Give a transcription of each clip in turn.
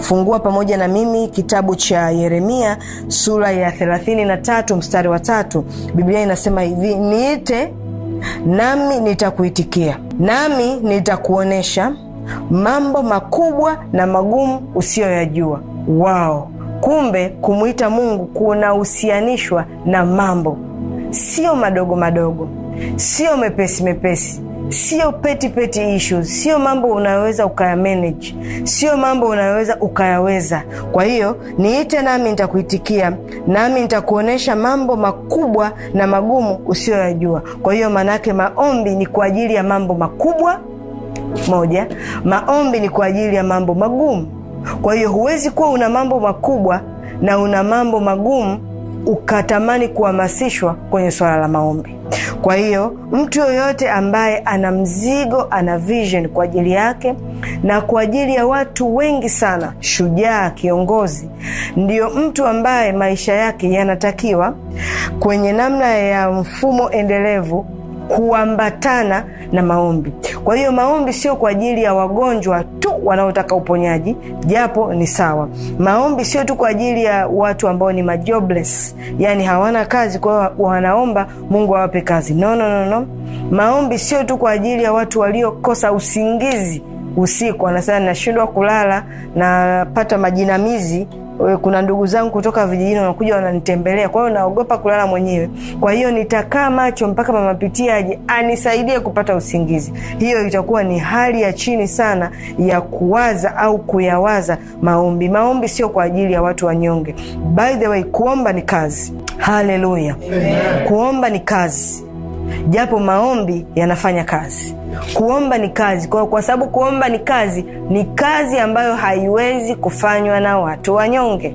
Fungua pamoja na mimi kitabu cha Yeremia sura ya 33 mstari wa tatu. Biblia inasema hivi, niite nami nitakuitikia, nami nitakuonyesha mambo makubwa na magumu usiyoyajua. Wao, kumbe kumwita Mungu kunahusianishwa na mambo sio madogo madogo, sio mepesi mepesi sio peti peti issues, sio mambo unayoweza ukayamanage, sio mambo unayoweza ukayaweza. Kwa hiyo niite, nami nitakuitikia, nami nitakuonyesha mambo makubwa na magumu usiyoyajua. Kwa hiyo maanaake maombi ni kwa ajili ya mambo makubwa moja, maombi ni kwa ajili ya mambo magumu. Kwa hiyo huwezi kuwa una mambo makubwa na una mambo magumu ukatamani kuhamasishwa kwenye swala la maombi. Kwa hiyo mtu yoyote ambaye ana mzigo, ana vision kwa ajili yake na kwa ajili ya watu wengi sana, shujaa kiongozi ndiyo mtu ambaye maisha yake yanatakiwa kwenye namna ya mfumo endelevu kuambatana na maombi. Kwa hiyo maombi sio kwa ajili ya wagonjwa tu wanaotaka uponyaji, japo ni sawa. Maombi sio tu kwa ajili ya watu ambao ni majobless, yani hawana kazi, kwao wanaomba Mungu awape kazi. No, no, no, no. Maombi sio tu kwa ajili ya watu waliokosa usingizi usiku, anasema nashindwa kulala, napata majinamizi kuna ndugu zangu kutoka vijijini wanakuja wananitembelea, kwa hiyo naogopa kulala mwenyewe. Kwa hiyo nitakaa macho mpaka mama Pitia aje anisaidie kupata usingizi. Hiyo itakuwa ni hali ya chini sana ya kuwaza au kuyawaza maombi. Maombi sio kwa ajili ya watu wanyonge. By the way, kuomba ni kazi. Haleluya, kuomba ni kazi japo maombi yanafanya kazi. Kuomba ni kazi kwa, kwa sababu kuomba ni kazi, ni kazi ambayo haiwezi kufanywa na watu wanyonge.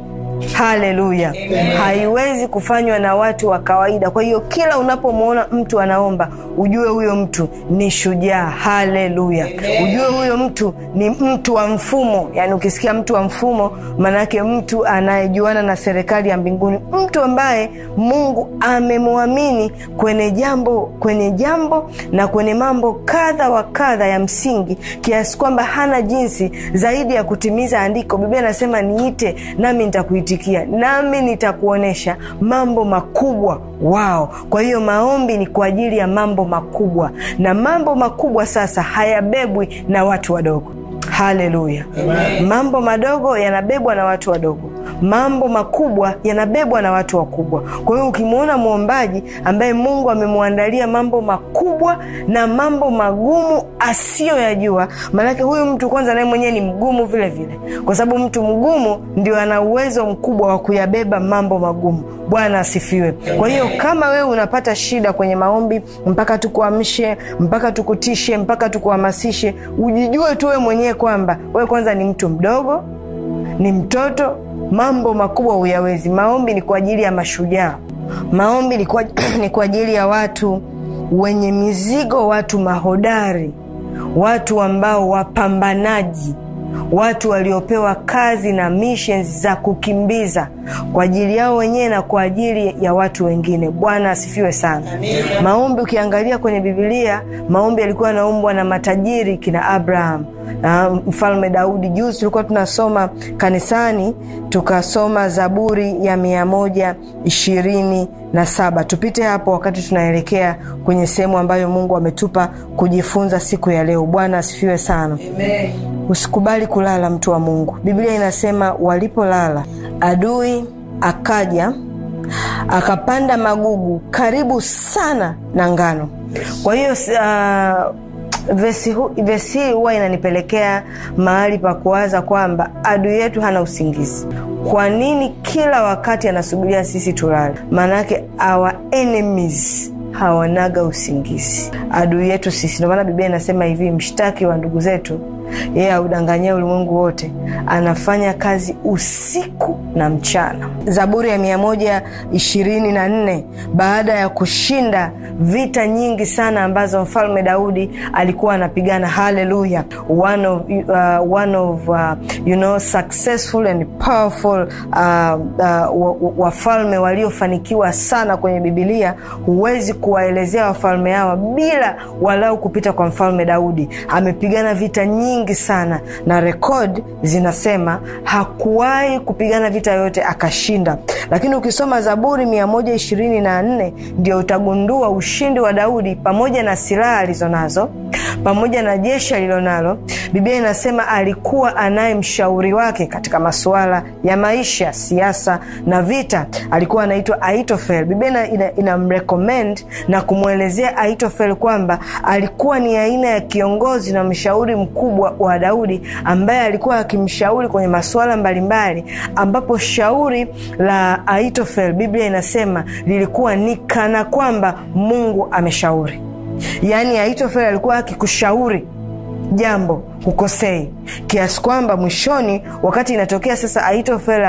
Haleluya! Haiwezi kufanywa na watu wa kawaida. Kwa hiyo kila unapomwona mtu anaomba, ujue huyo mtu ni shujaa. Haleluya! Ujue huyo mtu ni mtu wa mfumo. Yani ukisikia mtu wa mfumo, maanake mtu anayejuana na serikali ya mbinguni, mtu ambaye Mungu amemwamini kwenye jambo, kwenye jambo na kwenye mambo kadha wa kadha ya msingi, kiasi kwamba hana jinsi zaidi ya kutimiza andiko. Biblia anasema niite nami nitakuitia kuitikia, nami nitakuonyesha mambo makubwa wao. Kwa hiyo maombi ni kwa ajili ya mambo makubwa, na mambo makubwa sasa hayabebwi na watu wadogo. Haleluya! mambo madogo yanabebwa na watu wadogo. Mambo makubwa yanabebwa na watu wakubwa. Kwa hiyo ukimwona mwombaji ambaye Mungu amemwandalia mambo makubwa na mambo magumu asiyoyajua, maanake huyu mtu kwanza naye mwenyewe ni mgumu vile vile, kwa sababu mtu mgumu ndio ana uwezo mkubwa wa kuyabeba mambo magumu. Bwana asifiwe. Kwa hiyo kama wewe unapata shida kwenye maombi, mpaka tukuamshe, mpaka tukutishe, mpaka tukuhamasishe, ujijue tu wewe mwenyewe kwamba wewe kwanza ni mtu mdogo ni mtoto, mambo makubwa huyawezi. Maombi ni kwa ajili ya mashujaa, maombi ni kwa, ni kwa ajili ya watu wenye mizigo, watu mahodari, watu ambao wapambanaji, watu waliopewa kazi na mishen za kukimbiza kwa ajili yao wenyewe na kwa ajili ya watu wengine. Bwana asifiwe sana. Amina. Maombi ukiangalia kwenye Bibilia, maombi yalikuwa anaumbwa na matajiri, kina Abraham uh, mfalme Daudi. Juzi tulikuwa tunasoma kanisani, tukasoma Zaburi ya mia moja ishirini na saba. Tupite hapo wakati tunaelekea kwenye sehemu ambayo Mungu ametupa kujifunza siku ya leo. Bwana asifiwe sana Amen. Usikubali kulala, mtu wa Mungu. Biblia inasema walipolala, adui akaja akapanda magugu karibu sana na ngano. Kwa hiyo uh, vesi, hii huwa inanipelekea mahali pa kuwaza kwamba adui yetu hana usingizi. Kwa nini kila wakati anasubiria sisi tulale? Maanake our enemies hawanaga usingizi, adui yetu sisi. ndomaana maana Biblia inasema hivi, mshtaki wa ndugu zetu yeye yeah, audanganyia ulimwengu wote, anafanya kazi usiku na mchana. Zaburi ya 124 baada ya kushinda vita nyingi sana ambazo mfalme Daudi alikuwa anapigana. Haleluya! one of, uh, one of uh, you know, successful and powerful uh, uh, wafalme waliofanikiwa sana kwenye Bibilia. Huwezi kuwaelezea wafalme hawa bila walau kupita kwa mfalme Daudi. Amepigana vita nyingi nyingi sana, na rekod zinasema hakuwahi kupigana vita yoyote akashinda. Lakini ukisoma Zaburi mia moja ishirini na nne ndio utagundua ushindi wa Daudi pamoja na silaha alizonazo pamoja na jeshi alilonalo. Biblia inasema alikuwa anaye mshauri wake katika masuala ya maisha, siasa na vita. Alikuwa anaitwa Aitofel. Biblia inamrekomend ina, ina na kumwelezea Aitofel kwamba alikuwa ni aina ya kiongozi na mshauri mkubwa wa Daudi ambaye alikuwa akimshauri kwenye masuala mbalimbali, ambapo shauri la Aitofel Biblia inasema lilikuwa ni kana kwamba Mungu ameshauri. Yaani Aitofel alikuwa akikushauri jambo hukosei, kiasi kwamba mwishoni, wakati inatokea sasa Aitofel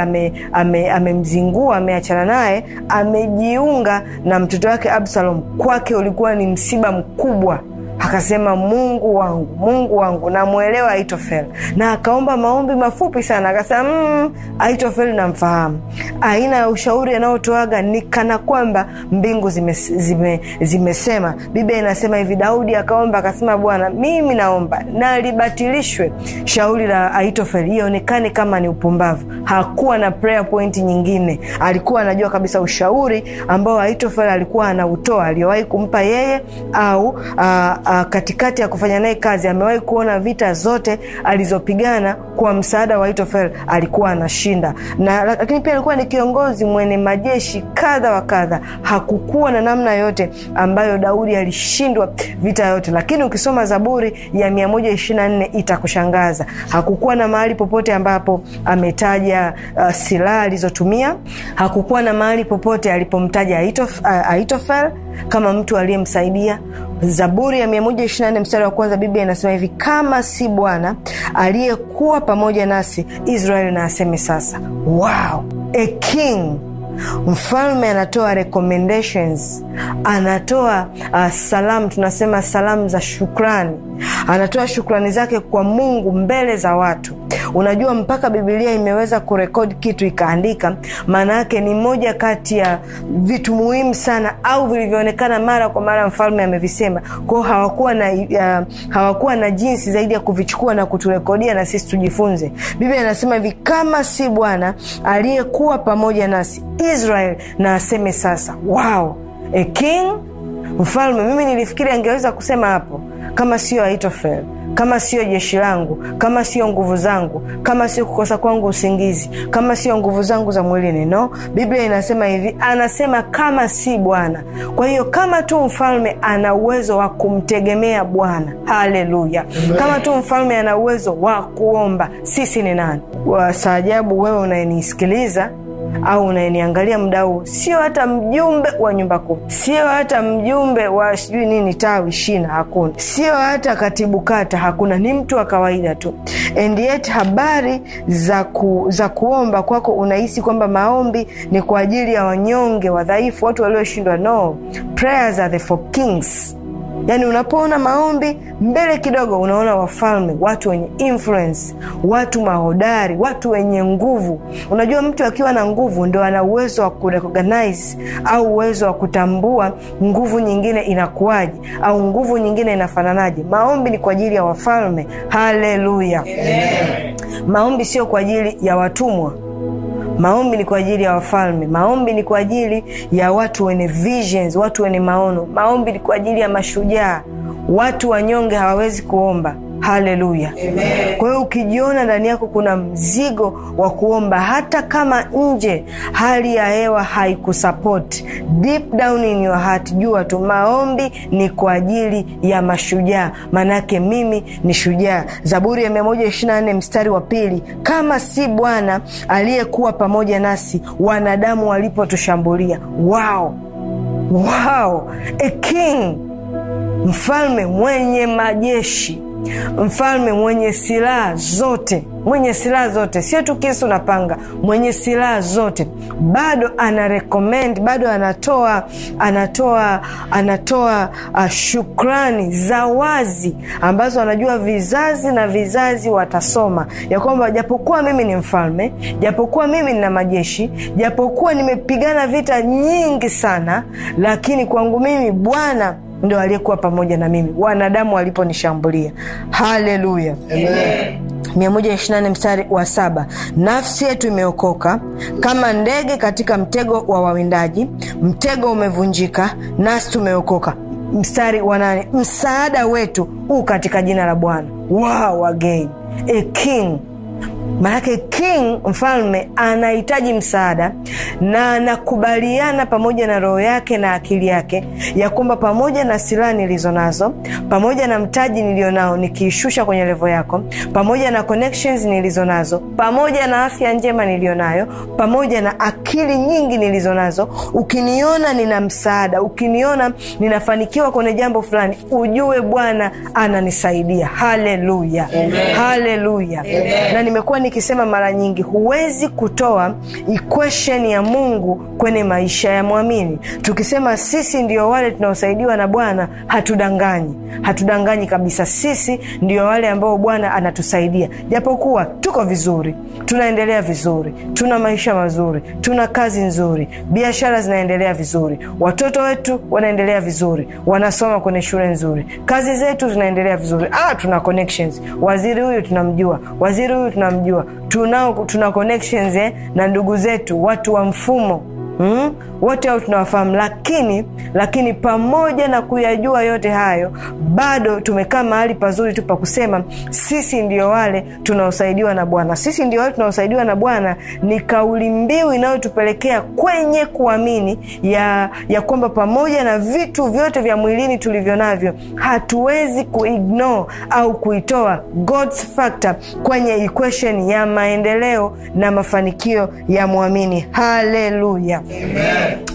amemzingua, ame, ame ameachana naye, amejiunga na mtoto wake Absalom, kwake ulikuwa ni msiba mkubwa akasema Mungu wangu, Mungu wangu, namwelewa aitofel na akaomba maombi mafupi sana, akasema mm, aitofel namfahamu. Aina ya ushauri anayotoaga ni kana kwamba mbingu zimes, zime, zimesema. Biblia inasema hivi, Daudi akaomba akasema, Bwana, mimi naomba nalibatilishwe shauri la aitofel ionekane kama ni upumbavu. Hakuwa na prayer point nyingine, alikuwa anajua kabisa ushauri ambao aitofel alikuwa anautoa, aliyowahi kumpa yeye au uh, uh, uh, katikati ya kufanya naye kazi amewahi kuona vita zote alizopigana kwa msaada wa itofel alikuwa anashinda, na lakini pia alikuwa ni kiongozi mwenye majeshi kadha wa kadha. Hakukuwa na namna yote ambayo Daudi alishindwa vita yote, lakini ukisoma Zaburi ya 124 itakushangaza, hakukuwa na mahali popote ambapo ametaja uh, silaha alizotumia. Hakukuwa na mahali popote alipomtaja uh, kama mtu aliyemsaidia. Zaburi ya 124 mstari wa kwanza, Biblia inasema hivi, kama si Bwana aliyekuwa pamoja nasi, Israeli na aseme sasa. Wow, a king Mfalme anatoa recommendations, anatoa uh, salamu, tunasema salamu za shukrani anatoa shukrani zake kwa Mungu mbele za watu. Unajua, mpaka Bibilia imeweza kurekodi kitu ikaandika, maana yake ni moja kati ya vitu muhimu sana au vilivyoonekana mara kwa mara mfalme amevisema. Kwao hawakuwa na uh, hawakuwa na jinsi zaidi ya kuvichukua na kuturekodia na sisi tujifunze. Biblia inasema hivi, kama si Bwana aliyekuwa pamoja nasi, israel na aseme sasa, wow, a king, mfalme. Mimi nilifikiri angeweza kusema hapo kama siyo aitofel kama siyo jeshi langu, kama sio nguvu zangu, kama sio kukosa kwangu usingizi, kama sio nguvu zangu za mwilini. No, Biblia inasema hivi, anasema kama si Bwana. Kwa hiyo kama tu mfalme ana uwezo wa kumtegemea Bwana, haleluya! Kama tu mfalme ana uwezo wa kuomba, sisi ni nani? wasaajabu wewe unayenisikiliza au unayeniangalia huo sio hata mjumbe wa nyumba kuu, sio hata mjumbe wa sijui nini tawi shina, hakuna, sio hata katibu kata, hakuna, ni mtu wa kawaida tu. And yet habari za, ku, za kuomba kwako unahisi kwamba maombi ni kwa ajili ya wanyonge, wadhaifu, watu walioshindwa. No, prayers are the for kings Yaani unapoona maombi mbele kidogo, unaona wafalme, watu wenye influence, watu mahodari, watu wenye nguvu. Unajua, mtu akiwa na nguvu ndo ana uwezo wa kurecognize au uwezo wa kutambua nguvu nyingine inakuwaje au nguvu nyingine inafananaje. Maombi ni kwa ajili ya wafalme. Haleluya! Maombi sio kwa ajili ya watumwa. Maombi ni kwa ajili ya wafalme. Maombi ni kwa ajili ya watu wenye visions, watu wenye maono. Maombi ni kwa ajili ya mashujaa. Watu wanyonge hawawezi kuomba haleluya kwa hiyo ukijiona ndani yako kuna mzigo wa kuomba hata kama nje hali ya hewa haikusapoti jua tu maombi ni kwa ajili ya mashujaa maanaake mimi ni shujaa zaburi ya 124 mstari wa pili kama si bwana aliyekuwa pamoja nasi wanadamu walipotushambulia wao wao a king mfalme mwenye majeshi mfalme mwenye silaha zote, mwenye silaha zote, sio tu kisu na panga, mwenye silaha zote, bado ana recommend, bado anatoa anatoa anatoa uh, shukrani za wazi ambazo anajua vizazi na vizazi watasoma ya kwamba japokuwa mimi ni mfalme, japokuwa mimi nina majeshi, japokuwa nimepigana vita nyingi sana, lakini kwangu mimi Bwana ndo aliyekuwa pamoja na mimi wanadamu waliponishambulia haleluya mia mstari wa saba nafsi yetu imeokoka kama ndege katika mtego wa wawindaji mtego umevunjika nasi tumeokoka mstari wa nane msaada wetu huu katika jina la bwana wa wow, again a king Manake king mfalme anahitaji msaada na anakubaliana pamoja na roho yake na akili yake ya kwamba pamoja na silaha nilizo nazo, pamoja na mtaji nilio nao, nikiishusha kwenye levo yako, pamoja na connections nilizo nazo, pamoja na afya njema niliyo nayo, pamoja na akili nyingi nilizo nazo, ukiniona nina msaada, ukiniona ninafanikiwa kwenye jambo fulani, ujue Bwana ananisaidia. Haleluya, haleluya na nimekuwa nikisema mara nyingi, huwezi kutoa ikwesheni ya Mungu kwenye maisha ya mwamini. Tukisema sisi ndio wale tunaosaidiwa na Bwana, hatudanganyi, hatudanganyi kabisa. Sisi ndio wale ambao Bwana anatusaidia, japokuwa tuko vizuri, tunaendelea vizuri, tuna maisha mazuri, tuna kazi nzuri, biashara zinaendelea vizuri, watoto wetu wanaendelea vizuri, wanasoma kwenye shule nzuri, kazi zetu zinaendelea vizuri. Ah, tuna connections, waziri huyu tunamjua, waziri huyu tunamjua tunamjua, tunao tuna connections eh, na ndugu zetu watu wa mfumo Hmm? wote hao tunawafahamu, lakini lakini pamoja na kuyajua yote hayo, bado tumekaa mahali pazuri tu pa kusema sisi ndio wale tunaosaidiwa na Bwana. Sisi ndio wale tunaosaidiwa na Bwana ni kauli mbiu inayotupelekea kwenye kuamini ya, ya kwamba pamoja na vitu vyote vya mwilini tulivyo navyo hatuwezi kuignore au kuitoa God's factor kwenye equation ya maendeleo na mafanikio ya mwamini. Haleluya!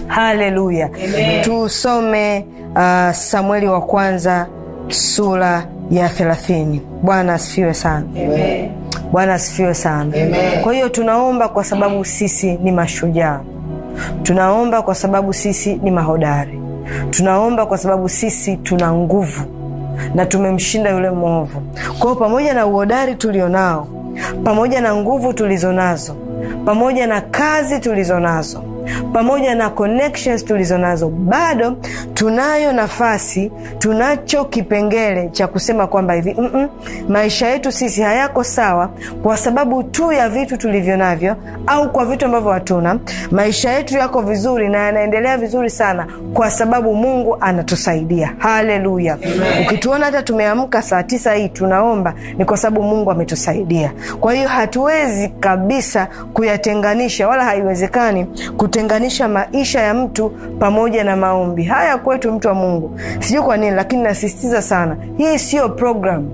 haleluya tusome uh, samueli wa kwanza sura ya thelathini bwana asifiwe sana Amen. bwana asifiwe sana Amen. kwa hiyo tunaomba kwa sababu sisi ni mashujaa tunaomba kwa sababu sisi ni mahodari tunaomba kwa sababu sisi tuna nguvu na tumemshinda yule mwovu kwao pamoja na uhodari tulionao pamoja na nguvu tulizo nazo pamoja na kazi tulizo nazo pamoja na connections tulizo nazo, bado tunayo nafasi, tunacho kipengele cha kusema kwamba hivi mm -mm, maisha yetu sisi hayako sawa kwa sababu tu ya vitu tulivyo navyo au kwa vitu ambavyo hatuna. Maisha yetu yako vizuri na yanaendelea vizuri sana kwa sababu Mungu anatusaidia. Haleluya! Ukituona hata tumeamka saa tisa hii tunaomba, ni kwa sababu Mungu ametusaidia. Kwa hiyo hatuwezi kabisa kuyatenganisha, wala haiwezekani kutu kutenganisha maisha ya mtu pamoja na maombi haya kwetu, mtu wa Mungu. Sijui kwa nini, lakini nasistiza sana, hii siyo programu,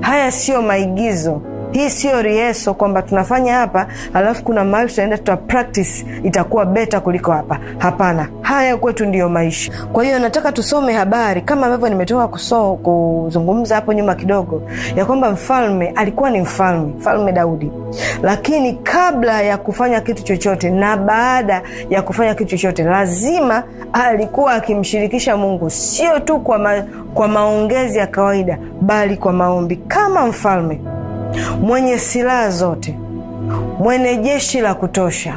haya siyo maigizo. Hii siyo rieso kwamba tunafanya hapa alafu kuna mahali tutaenda tuta practice itakuwa beta kuliko hapa. Hapana, haya kwetu ndiyo maisha. Kwa hiyo nataka tusome habari kama ambavyo nimetoka kuzungumza hapo nyuma kidogo, ya kwamba mfalme alikuwa ni mfalme, mfalme Daudi, lakini kabla ya kufanya kitu chochote na baada ya kufanya kitu chochote lazima alikuwa akimshirikisha Mungu, sio tu kwa, ma, kwa maongezi ya kawaida, bali kwa maombi kama mfalme mwenye silaha zote, mwenye jeshi la kutosha,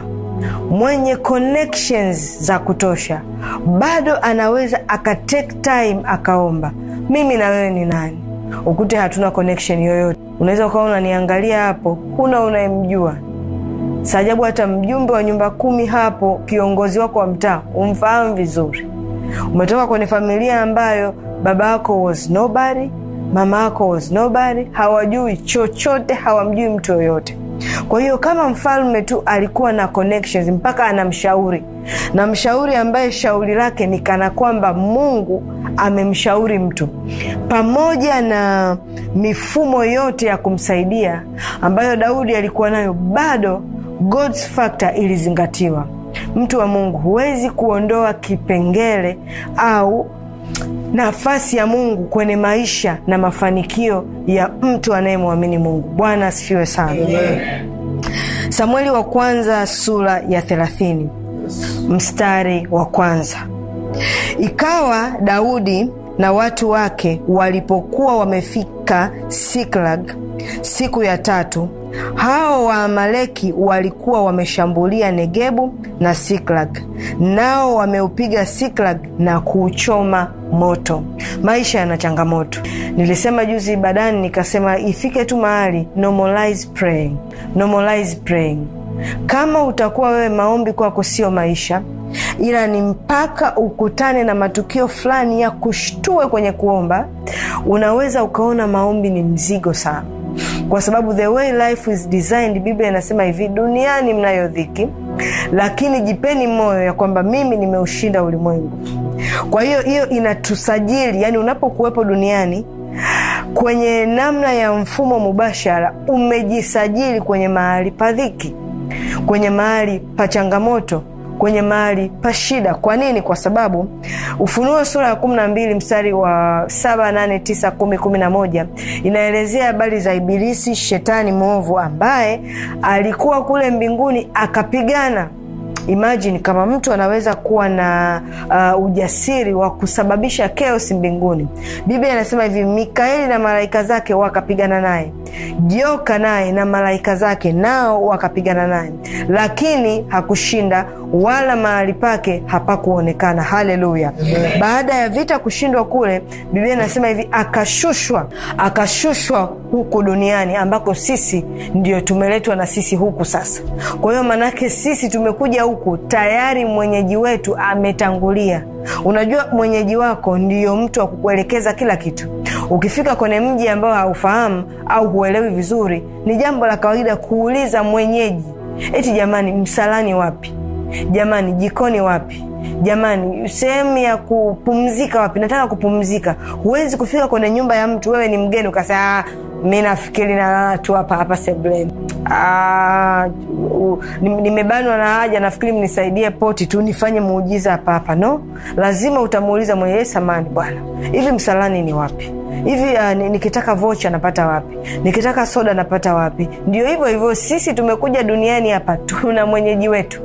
mwenye connections za kutosha, bado anaweza akatake time akaomba. Mimi na wewe ni nani? Ukute hatuna connection yoyote, unaweza ukawa unaniangalia hapo, huna unayemjua sajabu. Hata mjumbe wa nyumba kumi hapo, kiongozi wako wa mtaa umfahamu vizuri. Umetoka kwenye familia ambayo baba wako was nobody mama yako was nobody, hawajui chochote, hawamjui mtu yoyote. Kwa hiyo kama mfalme tu alikuwa na connections mpaka anamshauri na mshauri ambaye shauri lake ni kana kwamba Mungu amemshauri mtu, pamoja na mifumo yote ya kumsaidia ambayo Daudi alikuwa nayo, bado God's factor ilizingatiwa. Mtu wa Mungu, huwezi kuondoa kipengele au nafasi ya Mungu kwenye maisha na mafanikio ya mtu anayemwamini Mungu. Bwana asifiwe sana. Samueli wa kwanza sura ya thelathini mstari wa kwanza. Ikawa Daudi na watu wake walipokuwa wamefika Siklag siku ya tatu, hao Waamaleki walikuwa wameshambulia Negebu na Siklag, nao wameupiga Siklag na kuuchoma moto. Maisha yana changamoto. Nilisema juzi ibadani, nikasema ifike tu mahali normalize praying, normalize praying. Kama utakuwa wewe maombi kwako sio maisha, ila ni mpaka ukutane na matukio fulani ya kushtue kwenye kuomba, unaweza ukaona maombi ni mzigo sana, kwa sababu the way life is designed, Biblia inasema hivi, duniani mnayo dhiki, lakini jipeni moyo ya kwamba mimi nimeushinda ulimwengu. Kwa hiyo hiyo inatusajili, yani unapokuwepo duniani kwenye namna ya mfumo mubashara, umejisajili kwenye mahali padhiki kwenye mahali pa changamoto, kwenye mahali pa shida. Kwa nini? Kwa sababu Ufunuo sura ya mbili mstari wa tisa kumi 9, na moja inaelezea habari za Ibilisi, shetani mwovu ambaye alikuwa kule mbinguni akapigana imagine kama mtu anaweza kuwa na uh, ujasiri wa kusababisha keos mbinguni biblia inasema hivi mikaeli na malaika zake wakapigana naye joka naye na malaika zake nao wakapigana naye lakini hakushinda wala mahali pake hapakuonekana. Haleluya! Baada ya vita kushindwa kule, Biblia inasema hivi, akashushwa, akashushwa huku duniani ambako sisi ndio tumeletwa na sisi huku sasa. Kwa hiyo maanake sisi tumekuja huku tayari, mwenyeji wetu ametangulia. Unajua, mwenyeji wako ndiyo mtu wa kukuelekeza kila kitu. Ukifika kwenye mji ambao haufahamu au huelewi vizuri, ni jambo la kawaida kuuliza mwenyeji, eti jamani, msalani wapi? jamani, jikoni wapi? Jamani, sehemu ya kupumzika wapi? Nataka kupumzika. Huwezi kufika kwenye nyumba ya mtu, wewe ni mgeni, ukasema ah, mi nafikiri nalala tu hapa hapa sebleni. Ah, nimebanwa na haja, nafikiri mnisaidie poti tu nifanye muujiza hapa hapa. No, lazima utamuuliza mwenyewe, samani bwana, hivi msalani ni wapi? hivi uh, nikitaka vocha napata wapi? Nikitaka soda napata wapi? Ndio hivyo hivyo, sisi tumekuja duniani hapa, tuna mwenyeji wetu.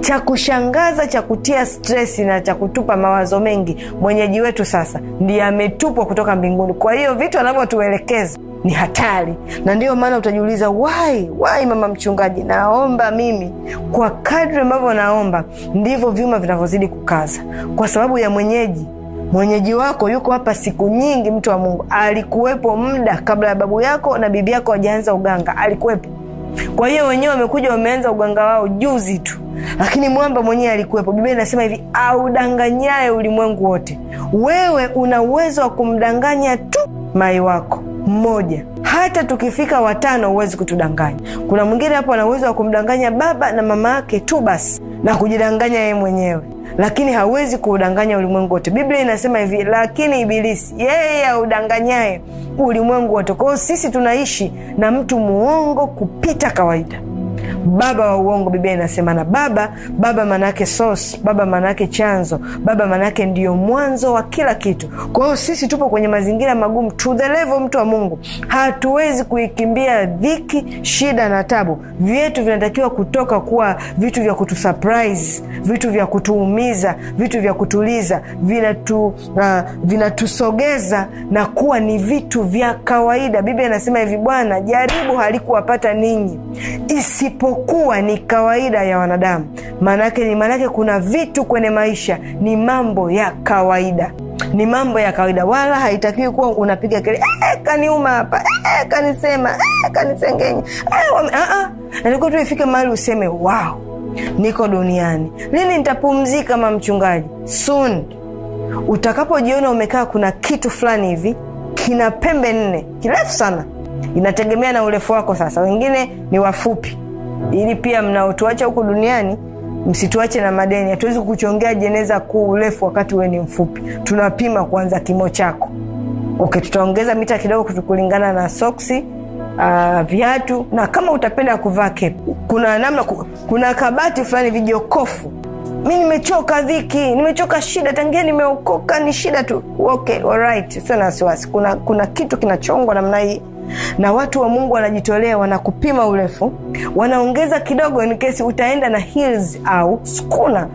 Cha kushangaza cha kutia stresi na cha kutupa mawazo mengi, mwenyeji wetu sasa ndiye ametupwa kutoka mbinguni. Kwa hiyo vitu anavyotuelekeza ni hatari, na ndiyo maana utajiuliza wai wai, mama mchungaji, naomba mimi. Kwa kadri ambavyo naomba ndivyo vyuma vinavyozidi kukaza, kwa sababu ya mwenyeji mwenyeji wako yuko hapa siku nyingi. Mtu wa Mungu alikuwepo muda kabla ya babu yako na bibi yako wajaanza uganga, alikuwepo. Kwa hiyo wenyewe wamekuja wameanza uganga wao juzi tu, lakini mwamba mwenyewe alikuwepo. Biblia inasema hivi, audanganyaye ulimwengu wote, wewe una uwezo wa kumdanganya tu mai wako mmoja hata tukifika watano huwezi kutudanganya. Kuna mwingine hapo ana uwezo wa kumdanganya baba na mama yake tu basi na kujidanganya yeye mwenyewe, lakini hawezi kuudanganya ulimwengu wote. Biblia inasema hivi, lakini Ibilisi yeye audanganyaye ulimwengu wote. kwao sisi tunaishi na mtu muongo kupita kawaida baba wa uongo. Biblia inasema na baba, baba maanaake sos baba maanaake chanzo, baba maanaake ndio mwanzo wa kila kitu. Kwa hiyo sisi tupo kwenye mazingira magumu to mtu wa Mungu, hatuwezi kuikimbia dhiki, shida na tabu. Vyetu vinatakiwa kutoka kuwa vitu vya kutusurprise, vitu vya kutuumiza, vitu vya kutuliza, vinatu uh, vinatusogeza na kuwa ni vitu vya kawaida. Biblia inasema hivi, Bwana jaribu halikuwapata ninyi isip isipokuwa ni kawaida ya wanadamu. Maanake ni maanake kuna vitu kwenye maisha ni mambo ya kawaida ni mambo ya kawaida, wala haitakiwi kuwa unapiga kele eh, kaniuma hapa eh, kanisema eh, kanisengenya eh, ah, ah. nalikuwa tu ifike mahali useme wao, niko duniani lini, nitapumzika kama mchungaji sun Utakapojiona umekaa kuna kitu fulani hivi kina pembe nne, kirefu sana, inategemea na urefu wako. Sasa wengine ni wafupi ili pia mnaotuacha huku duniani msituache na madeni. Hatuwezi kuchongea jeneza kuu urefu wakati huwe ni mfupi. Tunapima kwanza kimo chako. Okay, tutaongeza mita kidogo kulingana na soksi Uh, viatu na kama utapenda kuvaa kep kuna namna, kuna kabati fulani vijokofu. Mi nimechoka dhiki, nimechoka shida, tangia nimeokoka ni shida tu. Okay, alright, sio na wasiwasi. Kuna, kuna kitu kinachongwa namna hii na watu wa Mungu wanajitolea, wanakupima urefu, wanaongeza kidogo in case utaenda na heels au skuna.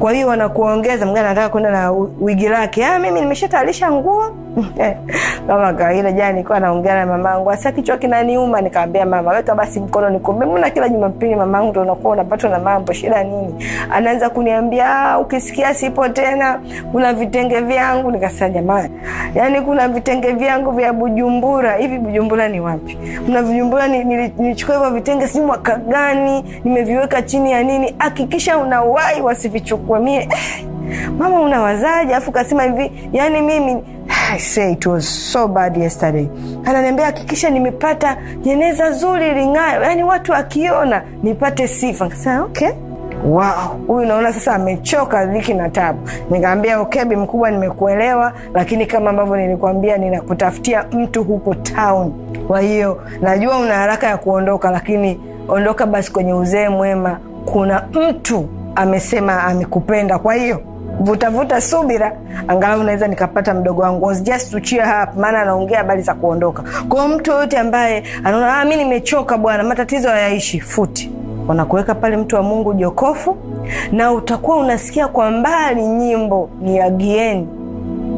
Kwa hiyo wanakuongeza, mgana anataka kwenda na wigi lake, ah, mimi nimeshatayarisha nguo kama kawaida. Jana nilikuwa naongea na mamangu, hasa kichwa kinaniuma, nikamwambia mama, weka basi mkono nikombe. Mbona kila Jumapili mamangu ndio unakuwa unapatwa na mambo, shida nini? Anaanza kuniambia ah, ukisikia sipo tena, kuna vitenge vyangu. Nikasema jamani, yani kuna vitenge vyangu vya Bujumbura. Hivi Bujumbura ni wapi? Mna Bujumbura nilichukua hivyo vitenge, sijui mwaka gani, nimeviweka chini ya nini. Hakikisha unawai wasivichukue mie eh, mama unawazaji afu kasema hivi yani mimi I say it was so bad yesterday ananiambia hakikisha nimepata jeneza zuri ling'ayo yani watu akiona nipate sifa kasema okay wow. huyu naona sasa amechoka dhiki na tabu nikaambia okebi okay, mkubwa nimekuelewa lakini kama ambavyo nilikwambia ninakutafutia mtu huko town kwa hiyo najua una haraka ya kuondoka lakini ondoka basi kwenye uzee mwema kuna mtu amesema amekupenda kwa hiyo vutavuta subira, angalau naweza nikapata mdogo wangu just to cheer up, maana anaongea habari za kuondoka kwa Mtu yoyote ambaye anaona ah, mi nimechoka bwana, matatizo hayaishi futi, wanakuweka pale mtu wa Mungu jokofu, na utakuwa unasikia kwa mbali nyimbo ni agieni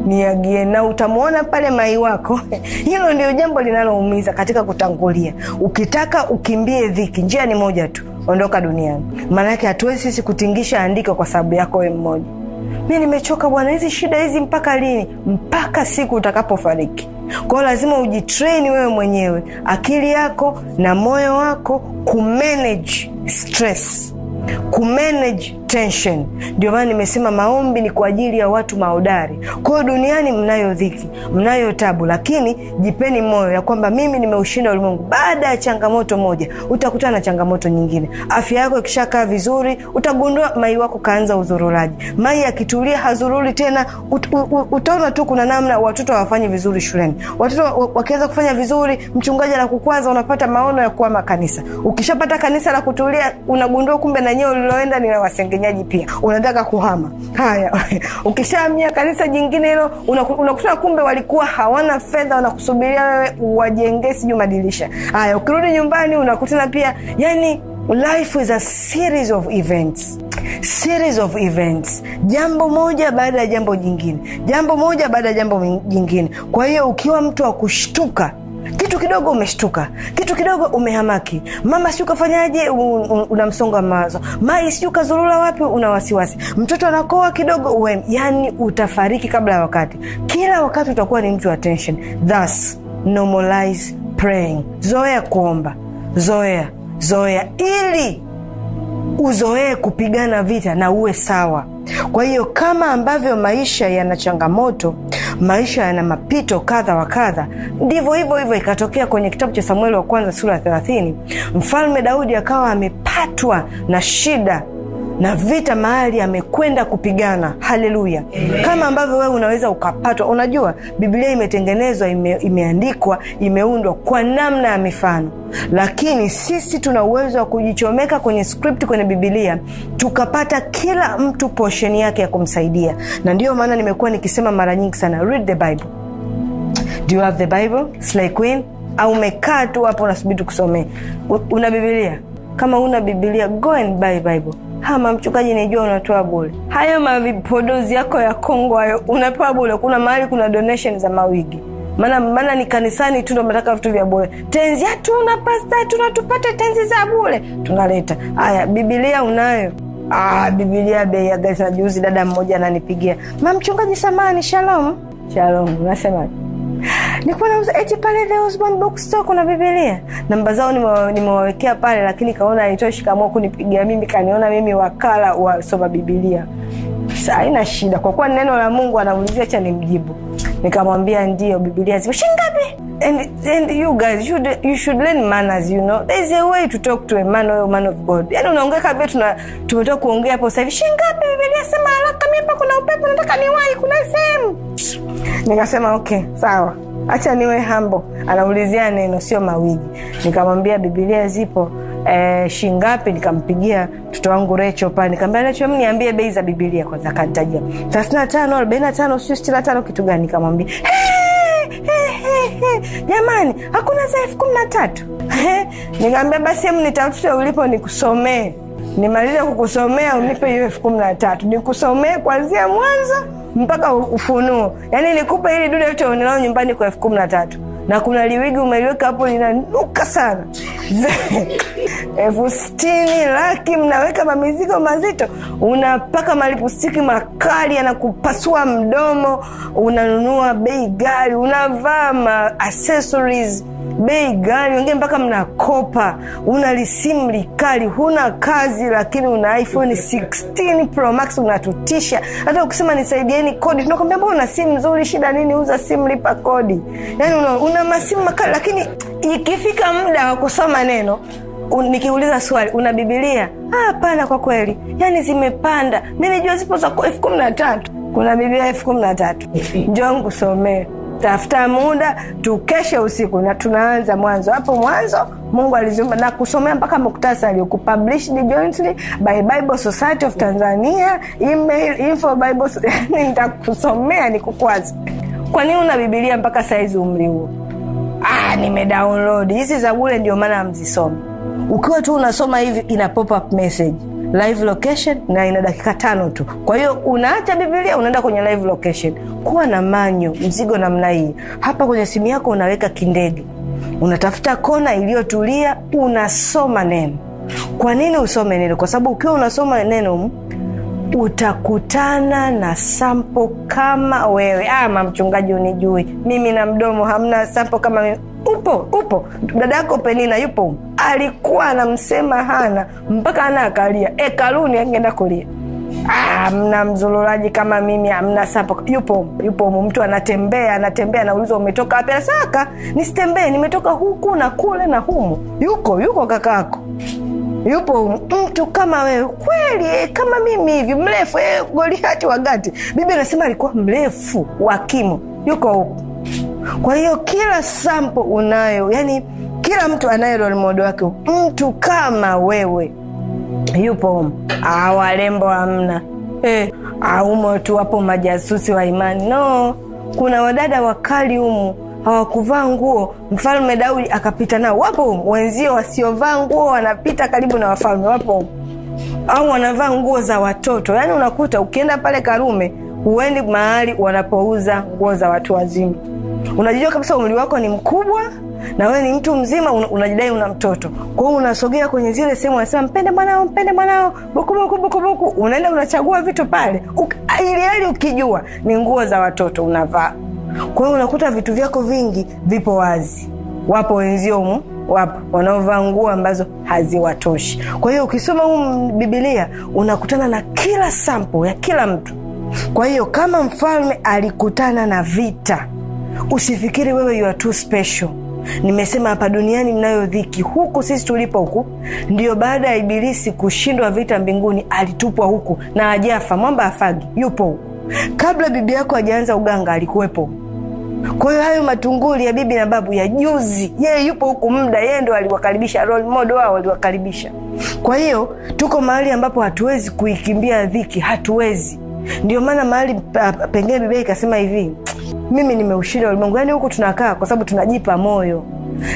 niagie na utamwona pale mai wako. Hilo ndio jambo linaloumiza katika kutangulia. Ukitaka ukimbie dhiki, njia ni moja tu, ondoka duniani. Maanake hatuwezi sisi kutingisha andiko kwa sababu yako we mmoja mi nimechoka bwana, hizi shida hizi mpaka lini? Mpaka siku utakapofariki. Kwao lazima ujitreini wewe mwenyewe akili yako na moyo wako kumanage stress kumanage tension. Ndio maana nimesema maombi ni kwa ajili ya watu maodari Kwa duniani mnayo dhiki, mnayo tabu, lakini jipeni moyo ya kwamba mimi nimeushinda ulimwengu. Baada ya changamoto moja utakutana na changamoto nyingine. Afya yako ikishakaa vizuri, utagundua mai wako kaanza uzurulaji. Mai akitulia hazuruli tena, utaona tu kuna namna watoto hawafanyi vizuri shuleni. Watoto wakiweza kufanya vizuri, mchungaji anakukwaza, unapata maono ya kuama kanisa. Ukishapata kanisa la kutulia, unagundua kumbe na eneo uliloenda ni la wasengenyaji pia, unataka kuhama. Haya, ukishaamia kanisa jingine hilo, unakuta kumbe walikuwa hawana fedha, wanakusubiria wewe uwajengee sijui madirisha. Haya, ukirudi nyumbani unakutana pia, yani Life is a series of events, series of events, jambo moja baada ya jambo jingine, jambo moja baada ya jambo jingine. Kwa hiyo ukiwa mtu wa kushtuka kitu kidogo umeshtuka, kitu kidogo umehamaki. Mama si ukafanyaje, una msongo wa mawazo. Mai si ukazurura wapi, una wasiwasi. Mtoto anakoa kidogo, uwe yani utafariki kabla ya wakati. Kila wakati utakuwa ni mtu wa tension. Thus normalize praying, zoea kuomba, zoea zoea ili uzoee kupigana vita na uwe sawa. Kwa hiyo kama ambavyo maisha yana changamoto, maisha yana mapito kadha wa kadha, ndivyo hivyo hivyo ikatokea kwenye kitabu cha Samueli wa kwanza sura ya thelathini mfalme Daudi akawa amepatwa na shida na vita mahali amekwenda kupigana. Haleluya! Kama ambavyo wewe unaweza ukapatwa. Unajua, Biblia imetengenezwa, ime, imeandikwa, imeundwa kwa namna ya mifano, lakini sisi tuna uwezo wa kujichomeka kwenye script, kwenye bibilia tukapata kila mtu posheni yake ya kumsaidia, na ndiyo maana nimekuwa nikisema mara nyingi sana, read the Bible. Do you have the Bible? Slay Queen au umekaa tu hapo unasubiri tukusomee? Una bibilia kama una bibilia go and buy Bible. Hama mchungaji, nijua unatoa bule Hayo mavipodozi yako ya Kongo hayo unapewa bule Kuna mahali kuna donation za mawigi maana ni kanisani tu ndo nataka vitu vya bule Tenzi hatuna, pasta tunatupata tenzi za bule tunaleta haya. Bibilia unayo? Ah, bibilia bei ya gari. Na juzi dada mmoja ananipigia, mamchungaji, samani, shalom shalom, unasema ni kuwa eti pale The Osborn Box Store kuna bibilia Namba zao nimewawekea pale, lakini kaona alitoa kaamua kunipigia mimi, kaniona mimi wakala wa soma Biblia. Haina shida, kwa kuwa neno la Mungu anaulizia, cha nimjibu. Nikamwambia ndio, bibilia zipo shingapi? And, and you guys you should, you should learn manners, you know. There's a way to talk to a man or a man of God. Yani unaongea kama vile tuna tumetoka kuongea hapo sasa hivi. Shingapi bibilia sema haraka, mimi hapa kuna upepo nataka niwahi, kuna sehemu Nikasema okay, sawa, hacha niwe hambo. Anaulizia neno, sio mawigi. Nikamwambia bibilia zipo E, shingapi? Nikampigia mtoto wangu Recho pale, nikaambia Recho, niambie bei za bibilia kwanza. Akanitajia thelathini na tano arobaini na tano sio sitini na tano kitu gani? Nikamwambia jamani, hakuna za elfu kumi na tatu nikaambia basi hemu nitafute ulipo nikusomee, nimalize kukusomea unipe hiyo elfu kumi na tatu nikusomee kwanzia mwanzo mpaka ufunuo. Yaani nikupe hili dude yote unilao nyumbani kwa elfu kumi na tatu na kuna liwigi umeliweka hapo linanuka sana elfu sitini laki, mnaweka mamizigo mazito, unapaka malipusiki makali yanakupasua mdomo, unanunua bei gari unavaa ma accessories bei gani, wengine mpaka mnakopa. Una lisimu likali, huna kazi, lakini una iPhone 16 Pro Max, unatutisha. Hata ukisema nisaidieni kodi, tunakwambia mbao una simu nzuri, shida nini? Uza simu, lipa kodi. Yani una, una masimu makali, lakini ikifika muda wa kusoma neno nikiuliza swali una bibilia? Ah, hapana, kwa kweli, yani zimepanda. Mi najua zipo za elfu kumi na tatu kuna bibilia elfu kumi na tatu njongu tafuta muda tukeshe usiku na tunaanza mwanzo hapo mwanzo mungu alizumba na kusomea mpaka muktasari kupublished jointly by bible society of tanzania email info bible yaani nitakusomea nikukwazi kwa nini una bibilia mpaka saizi umri huo ah, nimedownload hizi za bule ndio maana mzisoma ukiwa tu unasoma hivi ina pop up message live location na ina dakika tano tu. Kwa hiyo unaacha Biblia unaenda kwenye live location. Kuwa na manyo mzigo namna hii, hapa kwenye simu yako unaweka kindege, unatafuta kona iliyotulia, unasoma neno. Kwa nini usome neno? Kwa sababu ukiwa unasoma neno utakutana na sampo kama wewe. Ama mchungaji, unijui mimi na mdomo hamna sampo kama mimi upo upo dada yako penina yupo alikuwa anamsema hana mpaka ana akalia ekaruni angeenda kulia amna ah, mzululaji kama mimi amna sapo yupo yupo mtu anatembea anatembea anauliza umetoka wapi anasaka nisitembee nimetoka huku na kule na humu yuko yuko kakako yupo mtu kama wewe kweli eh, kama mimi hivi mrefu eh, goliati wagati bibi anasema alikuwa mrefu wa kimo yuko huku kwa hiyo kila sampo unayo, yani kila mtu anayo lolimodo wake. Mtu kama wewe yupo awalembo hamna, eh, aumo tu wapo majasusi wa imani no. Kuna wadada wakali humu hawakuvaa nguo, mfalme Daudi akapita nao, wapo wenzio wasiovaa nguo wanapita karibu na wafalme, wapo au wanavaa nguo za watoto. Yani unakuta ukienda pale Karume huendi mahali wanapouza nguo za watu wazima unajijua kabisa umri wako ni mkubwa na wewe ni mtu mzima, unajidai una mtoto. Kwa hiyo unasogea kwenye zile sehemu, unasema mpende mwanao, mpende mwanao, bukubukubukubuku unaenda unachagua vitu pale, ili ukijua ni nguo za watoto unavaa. Kwa hiyo unakuta vitu vyako vingi vipo wazi, wapo wenzio wapo wanaovaa nguo ambazo haziwatoshi. Kwa hiyo ukisoma huu Bibilia unakutana na kila sampo ya kila mtu. Kwa hiyo kama mfalme alikutana na vita Usifikiri wewe you are too special. Nimesema hapa duniani mnayo dhiki, huku sisi tulipo huku. Ndiyo baada ya Ibilisi kushindwa vita mbinguni, alitupwa huku na ajafa. Mwamba afagi yupo huku. Kabla bibi yako ajaanza uganga, alikuwepo. Kwa hiyo hayo matunguli ya bibi na babu ya juzi, yeye yupo huku mda yeye ndo aliwakaribisha, role wao aliwakaribisha. Kwa hiyo tuko mahali ambapo hatuwezi kuikimbia dhiki, hatuwezi. Ndio maana mahali pengine Biblia ikasema hivi mimi nimeushinda ulimwengu. yani huku tunakaa kwa sababu tunajipa moyo.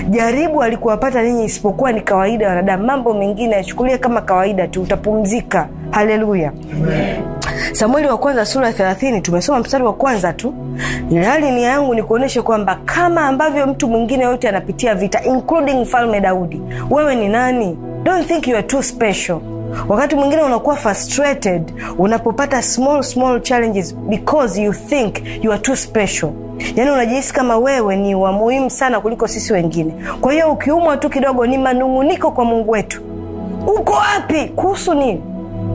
Jaribu alikuwapata ninyi, isipokuwa ni kawaida ya wanadamu. Mambo mengine yachukulia kama kawaida tu, utapumzika. Haleluya. Samueli wa kwanza sura ya thelathini tumesoma mstari wa kwanza tu. hali nia yangu ni kuonyeshe kwamba kama ambavyo mtu mwingine yote anapitia vita, including mfalme Daudi, wewe ni nani? Don't think you are too special wakati mwingine unakuwa frustrated unapopata small small challenges because you think you are too special yaani unajihisi kama wewe ni wa muhimu sana kuliko sisi wengine kwa hiyo ukiumwa tu kidogo ni manung'uniko kwa mungu wetu uko wapi kuhusu nini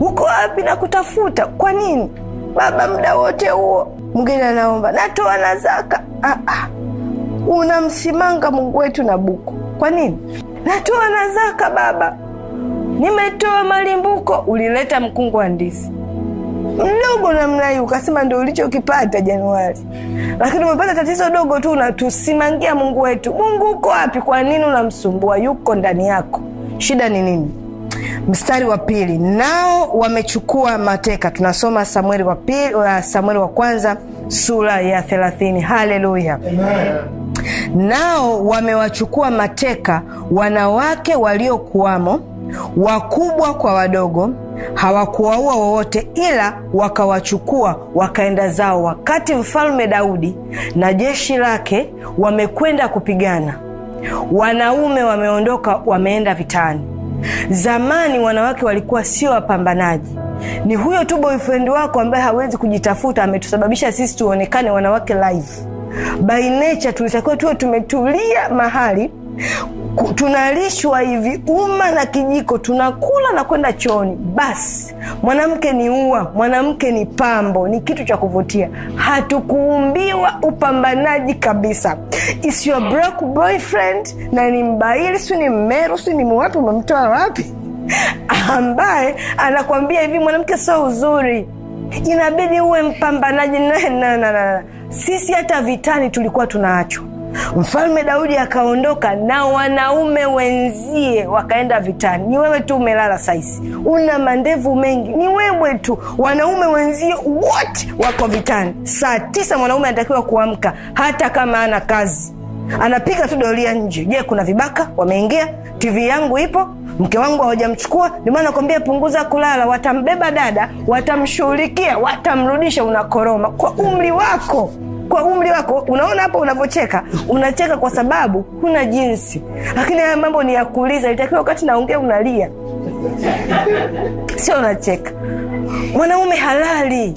uko wapi na kutafuta kwa nini baba muda wote huo mwingine anaomba natoa na zaka ah, ah. unamsimanga mungu wetu na buku kwa nini natoa na zaka baba nimetoa malimbuko, ulileta mkungu wa ndizi mdogo namna hii, ukasema ndo ulichokipata Januari, lakini umepata tatizo dogo tu. Unatusimangia Mungu wetu. Mungu uko wapi? Kwa nini unamsumbua? Yuko ndani yako. Shida ni nini? Mstari wa pili, nao wamechukua mateka. Tunasoma Samueli wa pili, Samueli wa kwanza sura ya thelathini. Haleluya! Nao wamewachukua mateka wanawake waliokuwamo wakubwa kwa wadogo, hawakuwaua wowote, ila wakawachukua wakaenda zao, wakati mfalme Daudi na jeshi lake wamekwenda kupigana. Wanaume wameondoka, wameenda vitani. Zamani wanawake walikuwa sio wapambanaji. Ni huyo tu boyfriend wako ambaye hawezi kujitafuta, ametusababisha sisi tuonekane wanawake live. By nature tulitakiwa tuwe tumetulia mahali tunalishwa hivi uma na kijiko, tunakula na kwenda chooni. Basi mwanamke ni ua, mwanamke ni pambo, ni kitu cha kuvutia. Hatukuumbiwa upambanaji kabisa. Is boyfriend na ni mbaili, si ni mmeru, si ni mwapi, umemtoa wapi, ambaye anakwambia hivi mwanamke sio uzuri inabidi uwe mpambanaji. Na, na, na, na. Sisi hata vitani tulikuwa tunaachwa Mfalme Daudi akaondoka na wanaume wenzie wakaenda vitani. Ni wewe tu umelala saisi, una mandevu mengi, ni wewe tu. Wanaume wenzie wote wako vitani. Saa tisa mwanaume anatakiwa kuamka, hata kama ana kazi, anapiga tu doria nje. Je, kuna vibaka wameingia? TV yangu ipo mke wangu hawajamchukua. Ndio nakwambia, punguza kulala. Watambeba dada, watamshughulikia, watamrudisha. Unakoroma kwa umri wako kwa umri wako. Unaona hapo unavyocheka, unacheka kwa sababu huna jinsi, lakini haya mambo ni ya kuuliza. Itakiwa wakati naongea unalia, sio unacheka. Mwanaume halali,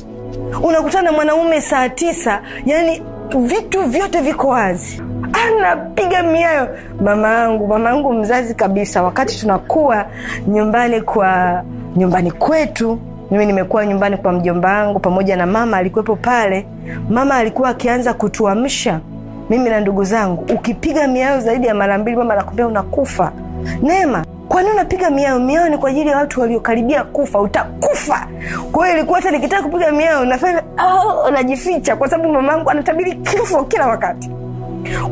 unakutana na mwanaume saa tisa, yani vitu vyote viko wazi anapiga miayo. Mama yangu mama yangu mzazi kabisa, wakati tunakuwa nyumbani kwa nyumbani kwetu mimi nimekuwa nyumbani kwa mjomba wangu pamoja na mama alikuwepo pale. Mama alikuwa akianza kutuamsha mimi na ndugu zangu, ukipiga miayo zaidi ya mara mbili, mama anakwambia unakufa. nema kwa nini unapiga miao miao ni kwa ajili ya watu waliokaribia kufa, utakufa. Kwa hiyo ilikuwa hata nikitaka kupiga miao nafanya oh, najificha, kwa sababu mama mamangu anatabiri kifo kila wakati.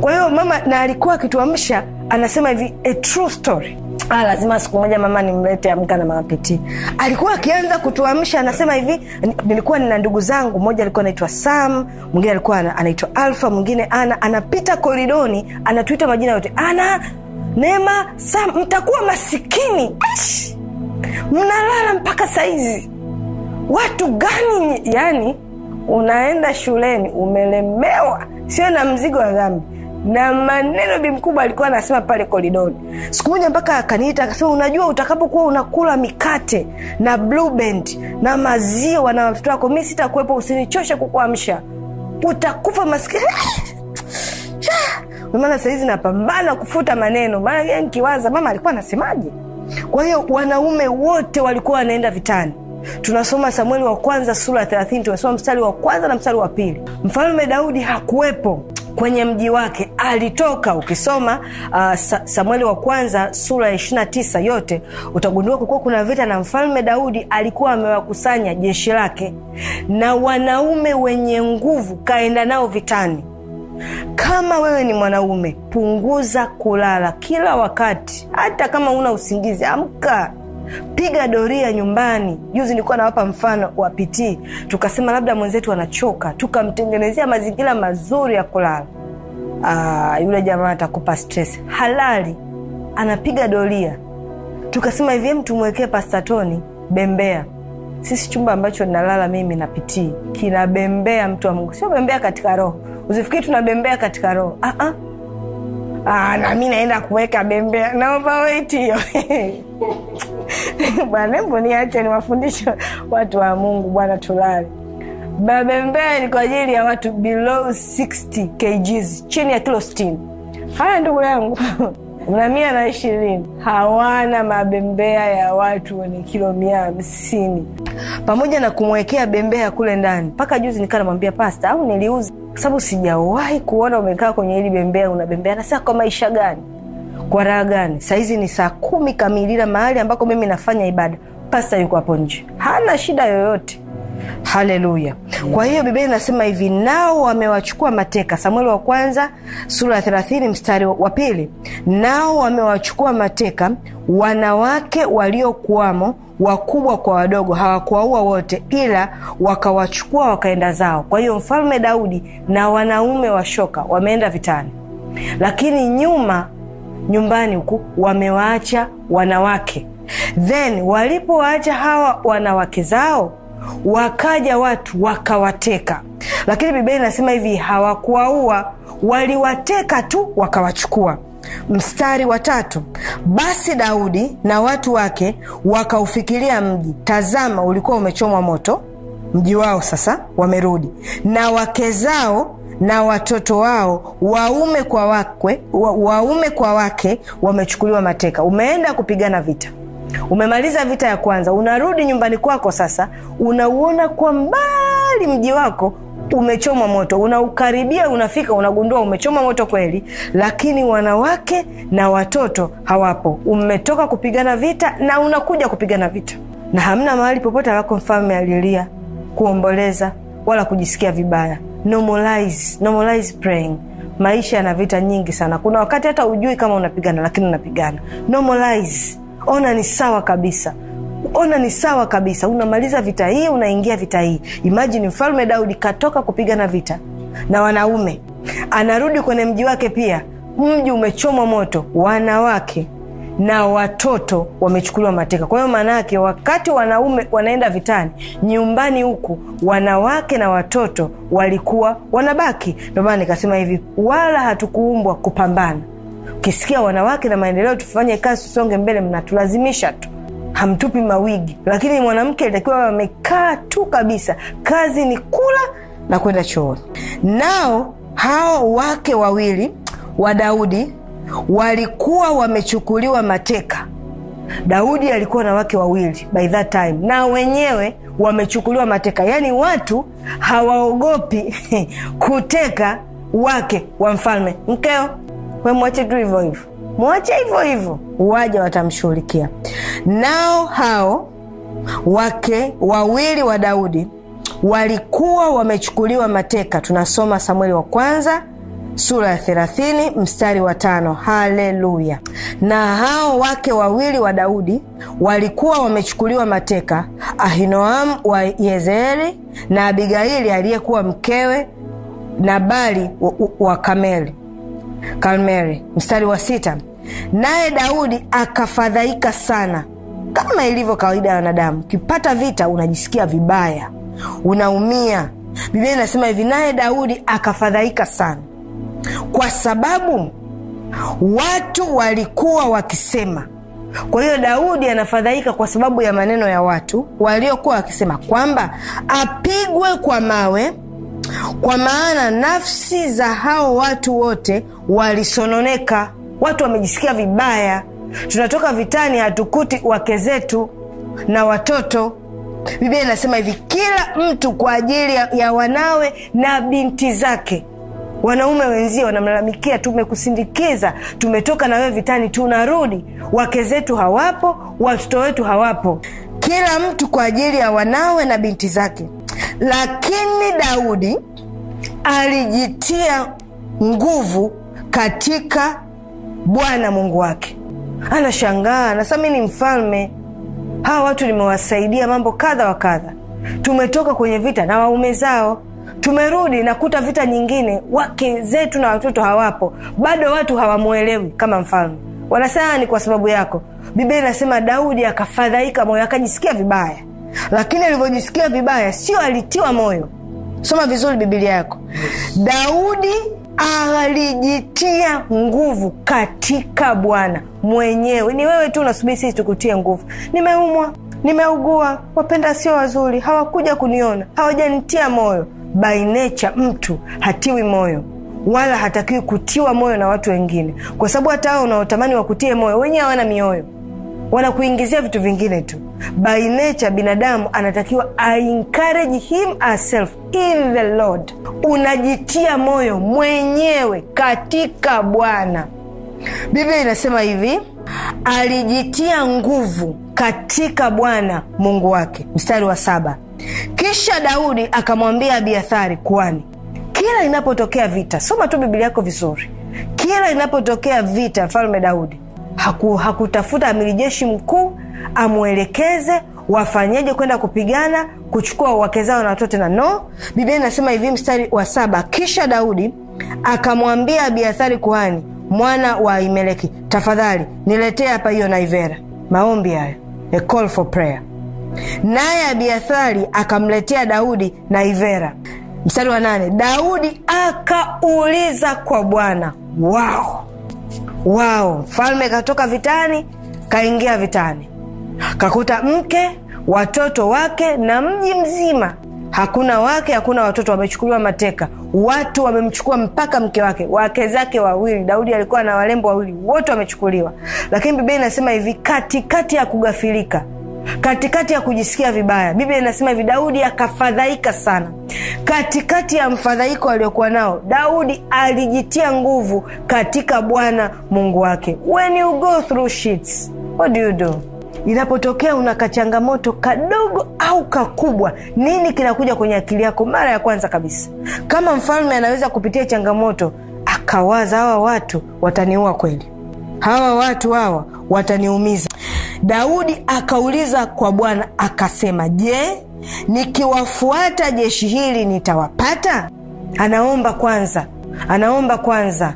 Kwa hiyo mama na alikuwa akituamsha anasema hivi, a true story Ah, lazima siku moja mama nimlete Amka na Mapitii. Alikuwa akianza kutuamsha anasema hivi, nilikuwa nina ndugu zangu, mmoja alikuwa anaitwa Sam, mwingine alikuwa anaitwa Alfa, mwingine ana, anapita koridoni anatuita majina yote, ana Neema, Sam, mtakuwa masikini, mnalala mpaka saizi, watu gani? Yani unaenda shuleni umelemewa, sio na mzigo wa dhambi na maneno bi mkubwa alikuwa anasema pale koridoni. Siku moja mpaka akaniita akasema, unajua utakapokuwa unakula mikate na Blue na maziwa na watoto wako, mi sitakuwepo, usinichoshe kukuamsha, utakufa maskini. Maana sahizi napambana kufuta maneno, maana nkiwaza mama alikuwa anasemaje. Kwa hiyo wanaume wote walikuwa wanaenda vitani. Tunasoma Samueli wa kwanza sura ya thelathini, tunasoma mstari wa kwanza na mstari wa pili. Mfalme Daudi hakuwepo kwenye mji wake alitoka. Ukisoma uh, Samueli wa kwanza sura ya tisa yote utagundua kukuwa kuna vita, na mfalme Daudi alikuwa amewakusanya jeshi lake na wanaume wenye nguvu, kaenda nao vitani. Kama wewe ni mwanaume, punguza kulala kila wakati, hata kama una usingizi, amka piga doria nyumbani. Juzi nilikuwa nawapa mfano wa pitii, tukasema labda mwenzetu anachoka, tukamtengenezea mazingira mazuri ya kulala. Aa, ah, yule jamaa atakupa stress halali, anapiga doria. Tukasema hivi, hem, tumwekee pastatoni bembea. Sisi chumba ambacho nalala mimi na kinabembea mtu wa Mungu, sio bembea katika roho. uzifikiri tunabembea katika roho, ah -ah. Ah, nami naenda kuweka bembea, naomba wait hiyo Bwana, hebu niache niwafundishe watu wa Mungu. Bwana, tulale mabembea ni kwa ajili ya watu below 60 kgs, chini ya kilo 60. Haya ndugu yangu na mia na ishirini hawana mabembea ya watu wenye kilo mia hamsini pamoja na kumwekea bembea kule ndani. Mpaka juzi nikaa namwambia pasta, au niliuza kwa sababu sijawahi kuona umekaa kwenye hili bembea, una bembea. Nasema kwa maisha gani? kwa raha gani? Sahizi ni saa kumi kamili mahali ambako mimi nafanya ibada, pasta yuko hapo nje, hana shida yoyote. Haleluya! Kwa hiyo Biblia inasema hivi, nao wamewachukua mateka. Samueli wa kwanza sura ya thelathini mstari wa pili. Nao wamewachukua mateka wanawake waliokuwamo wakubwa kwa wadogo, hawakuwaua wote, ila wakawachukua wakaenda zao. Kwa hiyo Mfalme Daudi na wanaume wa shoka wameenda vitani, lakini nyuma nyumbani huku wamewaacha wanawake, then walipowaacha hawa wanawake zao wakaja watu wakawateka, lakini Biblia inasema hivi, hawakuwaua, waliwateka tu wakawachukua. Mstari wa tatu, basi Daudi na watu wake wakaufikiria mji, tazama, ulikuwa umechomwa moto mji wao, sasa wamerudi na wake zao na watoto wao waume kwa wakwe, wa, waume kwa wake wamechukuliwa mateka. Umeenda kupigana vita, umemaliza vita ya kwanza, unarudi nyumbani kwako. Sasa unauona kwa mbali mji wako umechomwa moto, unaukaribia, unafika, unagundua umechomwa moto kweli, lakini wanawake na watoto hawapo. Umetoka kupigana vita na unakuja kupigana vita, na hamna mahali popote alako mfalme alilia kuomboleza wala kujisikia vibaya normalize, normalize praying. Maisha yana vita nyingi sana. Kuna wakati hata ujui kama unapigana, lakini unapigana. Normalize, ona ni sawa kabisa ona ni sawa kabisa. Unamaliza vita hii, unaingia vita hii. Imajini mfalme Daudi katoka kupigana vita na wanaume, anarudi kwenye mji wake, pia mji umechomwa moto, wanawake na watoto wamechukuliwa mateka. Kwa hiyo maana wakati wanaume wanaenda vitani, nyumbani huku wanawake na watoto walikuwa wanabaki. ndomana nikasema hivi, wala hatukuumbwa kupambana. Ukisikia wanawake na maendeleo, tufanye kazi, tusonge mbele, mnatulazimisha tu hamtupi mawigi, lakini mwanamke alitakiwa amekaa tu kabisa, kazi ni kula na kwenda chooni. Nao hao wake wawili wa Daudi walikuwa wamechukuliwa mateka. Daudi alikuwa na wake wawili by that time, na wenyewe wamechukuliwa mateka. Yaani watu hawaogopi kuteka wake wa mfalme, mkeo. We mwache tu hivyo hivyo, mwache hivyo hivyo, waja watamshughulikia. Nao hao wake wawili wa Daudi walikuwa wamechukuliwa mateka. Tunasoma Samueli wa kwanza sura ya thelathini mstari wa tano. Haleluya! Na hao wake wawili wa Daudi walikuwa wamechukuliwa mateka, Ahinoamu wa Yezeeli na Abigaili aliyekuwa mkewe Nabali wa Kameli Karmeli. Mstari wa sita, naye Daudi akafadhaika sana, kama ilivyo kawaida ya wanadamu. Ukipata vita unajisikia vibaya, unaumia. Biblia inasema hivi, naye Daudi akafadhaika sana kwa sababu watu walikuwa wakisema. Kwa hiyo Daudi anafadhaika kwa sababu ya maneno ya watu waliokuwa wakisema kwamba apigwe kwa mawe, kwa maana nafsi za hao watu wote walisononeka. Watu wamejisikia vibaya. Tunatoka vitani, hatukuti wake zetu na watoto. Biblia inasema hivi, kila mtu kwa ajili ya wanawe na binti zake wanaume wenzio wanamlalamikia, tumekusindikiza, tumetoka na wewe vitani, tunarudi, wake zetu hawapo, watoto wetu hawapo, kila mtu kwa ajili ya wanawe na binti zake. Lakini Daudi alijitia nguvu katika Bwana Mungu wake. Anashangaa, anasema mi ni mfalme, hawa watu nimewasaidia mambo kadha wa kadha, tumetoka kwenye vita na waume zao tumerudi nakuta vita nyingine, wake zetu na watoto hawapo, bado watu hawamwelewi kama mfalme, wanasema ni kwa sababu yako. Biblia inasema Daudi akafadhaika moyo, akajisikia vibaya, lakini alivyojisikia vibaya sio alitiwa moyo. Soma vizuri bibilia yako. Daudi alijitia nguvu katika Bwana mwenyewe. Ni wewe tu unasubiri sisi tukutie nguvu. Nimeumwa, nimeugua, wapenda sio wazuri, hawakuja kuniona, hawajanitia moyo by nature mtu hatiwi moyo wala hatakiwi kutiwa moyo na watu wengine, kwa sababu hata ao unaotamani wakutie moyo wenyewe hawana mioyo, wanakuingizia vitu vingine tu. By nature binadamu anatakiwa a encourage him herself in the Lord. Unajitia moyo mwenyewe katika Bwana. Biblia inasema hivi, alijitia nguvu katika Bwana Mungu wake. Mstari wa saba, kisha daudi akamwambia abiathari kuani kila inapotokea vita soma tu bibilia yako vizuri kila inapotokea vita mfalme daudi haku, hakutafuta amiri jeshi mkuu amwelekeze wafanyeje kwenda kupigana kuchukua wake zao na watoto na no biblia inasema hivi mstari wa saba kisha daudi akamwambia abiathari kuhani mwana wa imeleki tafadhali niletee hapa hiyo naivera maombi hayo a call for prayer naye Abiathari akamletea Daudi na Ivera. Mstari wa nane, Daudi akauliza kwa Bwana wao wao. Mfalme katoka vitani, kaingia vitani, kakuta mke, watoto wake na mji mzima hakuna wake hakuna watoto, wamechukuliwa mateka. Watu wamemchukua mpaka mke wake, wake zake wawili. Daudi alikuwa na warembo wawili, wote wamechukuliwa. Lakini bibia inasema hivi, katikati ya kugafirika katikati ya kujisikia vibaya biblia inasema hivi daudi akafadhaika sana katikati ya mfadhaiko aliokuwa nao daudi alijitia nguvu katika bwana mungu wake when you go through shits, what do you do inapotokea una kachangamoto kadogo au kakubwa nini kinakuja kwenye akili yako mara ya kwanza kabisa kama mfalme anaweza kupitia changamoto akawaza hawa watu wataniua kweli hawa watu hawa wataniumiza. Daudi akauliza kwa Bwana akasema, je, nikiwafuata jeshi hili nitawapata? Anaomba kwanza, anaomba kwanza.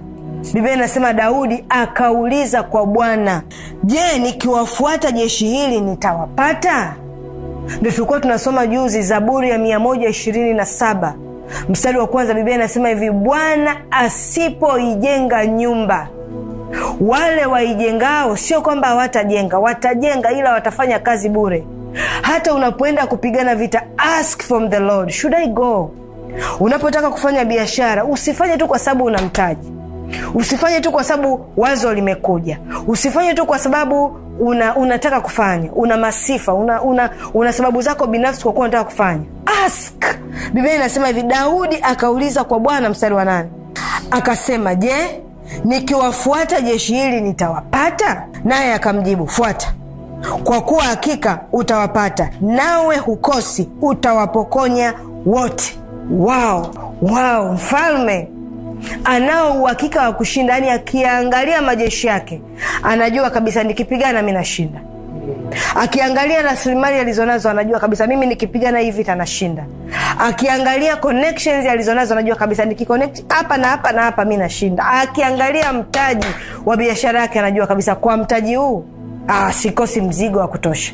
Biblia inasema Daudi akauliza kwa Bwana, je, nikiwafuata jeshi hili nitawapata? ndo tulikuwa tunasoma juzi, Zaburi ya 127 mstari wa kwanza. Biblia inasema hivi, Bwana asipoijenga nyumba wale waijengao sio kwamba hawatajenga, watajenga, ila watafanya kazi bure. Hata unapoenda kupigana vita, ask from the Lord, should I go? Unapotaka kufanya biashara, usifanye tu kwa sababu una mtaji, usifanye tu kwa sababu wazo limekuja, usifanye tu kwa sababu una, unataka kufanya, una masifa, una, una, una sababu zako binafsi kwa kuwa unataka kufanya. Ask. Biblia inasema hivi, Daudi akauliza kwa Bwana, mstari wa nane, akasema je, nikiwafuata jeshi hili nitawapata? Naye akamjibu, fuata kwa kuwa hakika utawapata, nawe hukosi, utawapokonya wote wao. Wao mfalme anao uhakika wa kushinda, yani akiangalia majeshi yake anajua kabisa, nikipigana mi nashinda. Akiangalia rasilimali alizonazo anajua kabisa, mimi nikipigana hii vita nashinda. Akiangalia connections alizonazo anajua kabisa, nikiconnect hapa na hapa na hapa mi nashinda. Akiangalia mtaji wa biashara yake anajua kabisa, kwa mtaji huu ah, sikosi mzigo wa kutosha.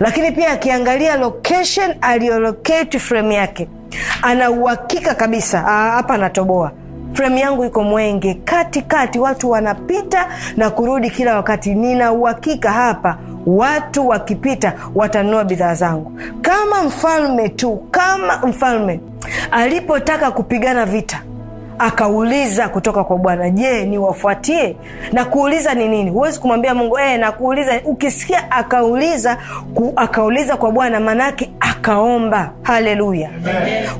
Lakini pia akiangalia location aliyolocate frame yake ana uhakika kabisa ah, hapa anatoboa, fremu yangu iko mwenge katikati kati, watu wanapita na kurudi kila wakati. Nina uhakika hapa watu wakipita watanunua bidhaa zangu, kama mfalme tu, kama mfalme alipotaka kupigana vita akauliza kutoka kwa Bwana, je, niwafuatie? Na kuuliza ni nini? Huwezi kumwambia Mungu e, nakuuliza. Ukisikia akauliza ku, akauliza kwa Bwana, maanaake akaomba. Haleluya!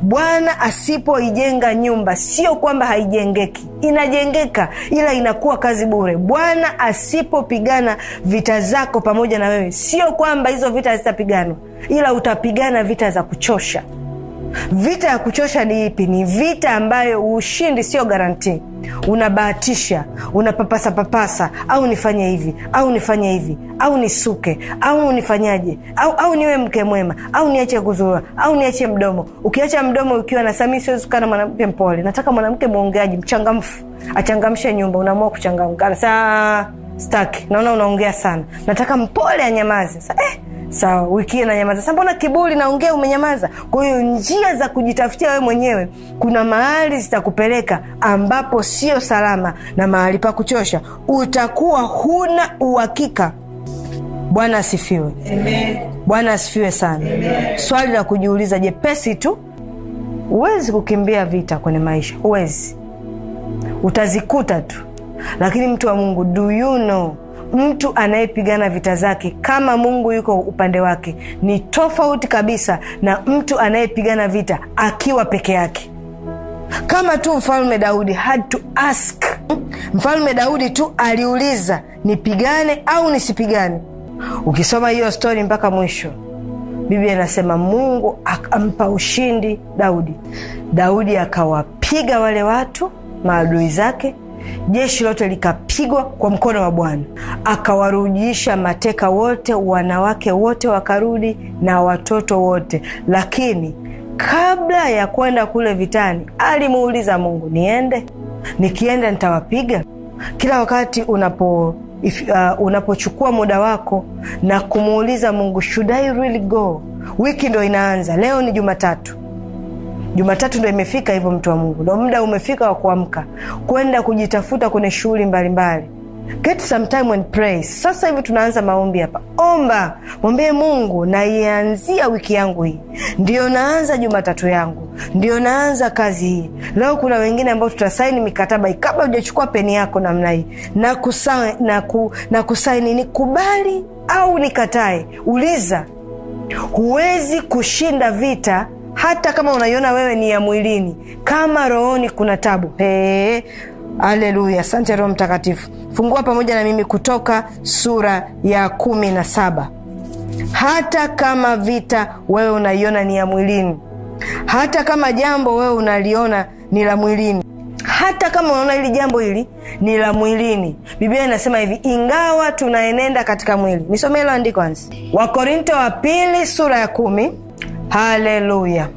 Bwana asipoijenga nyumba, sio kwamba haijengeki, inajengeka, ila inakuwa kazi bure. Bwana asipopigana vita zako pamoja na wewe, sio kwamba hizo vita hazitapiganwa, ila utapigana vita za kuchosha. Vita ya kuchosha ni ipi? Ni vita ambayo ushindi sio garanti, unabahatisha, unapapasa papasa, au nifanye hivi au nifanye hivi au nisuke au nifanyaje au, au niwe mke mwema au niache kuzurua au niache mdomo. Ukiacha mdomo ukiwa na sami, siwezi na mwanamke mpole, nataka mwanamke mwongeaji, mchangamfu, achangamshe nyumba. Unaamua kuchangamka saa staki, naona unaongea sana, nataka mpole anyamaze. Sa, eh, sawa, wiki na nyamaza. Sasa mbona kiburi naongea umenyamaza? Kwa hiyo njia za kujitafutia wewe mwenyewe, kuna mahali zitakupeleka ambapo sio salama na mahali pa kuchosha, utakuwa huna uhakika. Bwana asifiwe. Bwana asifiwe sana. Amen. Swali la kujiuliza jepesi tu, huwezi kukimbia vita kwenye maisha, huwezi, utazikuta tu. Lakini mtu wa Mungu, do you know mtu anayepigana vita zake kama Mungu yuko upande wake ni tofauti kabisa na mtu anayepigana vita akiwa peke yake kama tu mfalme Daudi had to ask. Mfalme Daudi tu aliuliza nipigane au nisipigane? Ukisoma hiyo stori mpaka mwisho, Biblia inasema Mungu akampa ushindi Daudi. Daudi akawapiga wale watu maadui zake jeshi lote likapigwa kwa mkono wa Bwana, akawarudisha mateka wote, wanawake wote wakarudi na watoto wote. Lakini kabla ya kwenda kule vitani, alimuuliza Mungu, niende? Nikienda nitawapiga? Kila wakati unapo If, uh, unapochukua muda wako na kumuuliza Mungu, should I really go? Wiki ndo inaanza leo, ni Jumatatu Jumatatu ndo imefika hivyo, mtu wa Mungu, ndo muda umefika wa kuamka kwenda kujitafuta kwenye shughuli mbalimbali. Get some time and pray. Sasa hivi tunaanza maombi hapa, omba, mwambie Mungu, naianzia wiki yangu hii, ndio naanza Jumatatu yangu, ndio naanza kazi hii leo. Kuna wengine ambao tutasaini mikataba hii. Kabla ujachukua peni yako namna hii na na ku, na kusaini, ni kubali au nikatae, uliza. Huwezi kushinda vita hata kama unaiona wewe ni ya mwilini, kama rohoni kuna tabu. aleluya! sante Roho Mtakatifu. Fungua pamoja na mimi Kutoka sura ya kumi na saba. Hata kama vita wewe unaiona ni ya mwilini, hata kama jambo wewe unaliona ni la mwilini, hata kama unaona hili jambo hili ni la mwilini, Biblia inasema hivi, ingawa tunaenenda katika mwili. Nisomee hilo andiko kwanza, Wakorinto wa pili sura ya kumi Haleluya,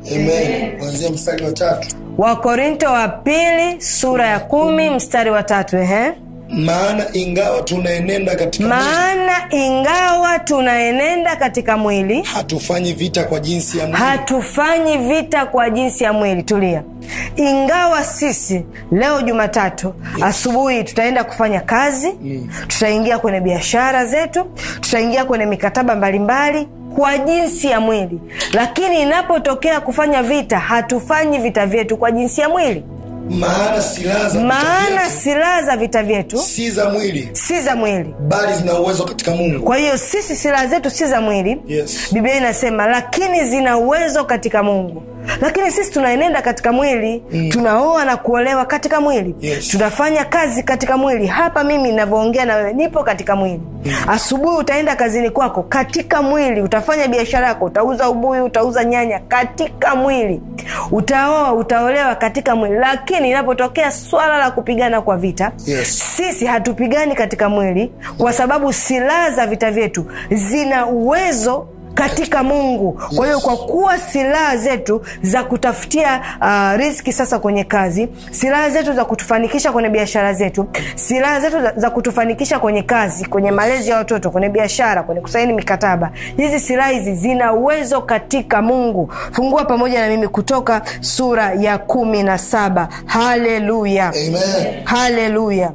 wa Wakorinto wa pili sura ya kumi mstari wa tatu ehe. Maana ingawa tunaenenda katika maana ingawa tunaenenda katika mwili hatufanyi vita kwa jinsi ya mwili, hatufanyi vita kwa jinsi ya mwili. Tulia. Ingawa sisi leo Jumatatu yes, asubuhi tutaenda kufanya kazi mm, tutaingia kwenye biashara zetu, tutaingia kwenye mikataba mbalimbali mbali kwa jinsi ya mwili, lakini inapotokea kufanya vita, hatufanyi vita vyetu kwa jinsi ya mwili maana silaha za vita vyetu si za mwili, si za mwili, bali zina uwezo katika Mungu. Kwa hiyo sisi silaha zetu si za mwili yes. Biblia inasema lakini zina uwezo katika Mungu lakini sisi tunaenenda katika mwili mm. tunaoa na kuolewa katika mwili yes. tunafanya kazi katika mwili hapa mimi navyoongea na wewe nipo katika mwili mm. asubuhi utaenda kazini kwako katika mwili utafanya biashara yako utauza ubuyu utauza nyanya katika mwili utaoa utaolewa katika mwili lakini inapotokea swala la kupigana kwa vita yes. sisi hatupigani katika mwili kwa sababu silaha za vita vyetu zina uwezo katika Mungu. Kwa hiyo kwa kuwa silaha zetu za kutafutia uh, riski sasa kwenye kazi, silaha zetu za kutufanikisha kwenye biashara zetu, silaha zetu za, za kutufanikisha kwenye kazi, kwenye malezi ya watoto, kwenye biashara, kwenye kusaini mikataba, hizi silaha hizi zina uwezo katika Mungu. Fungua pamoja na mimi Kutoka sura ya kumi na saba. Haleluya, haleluya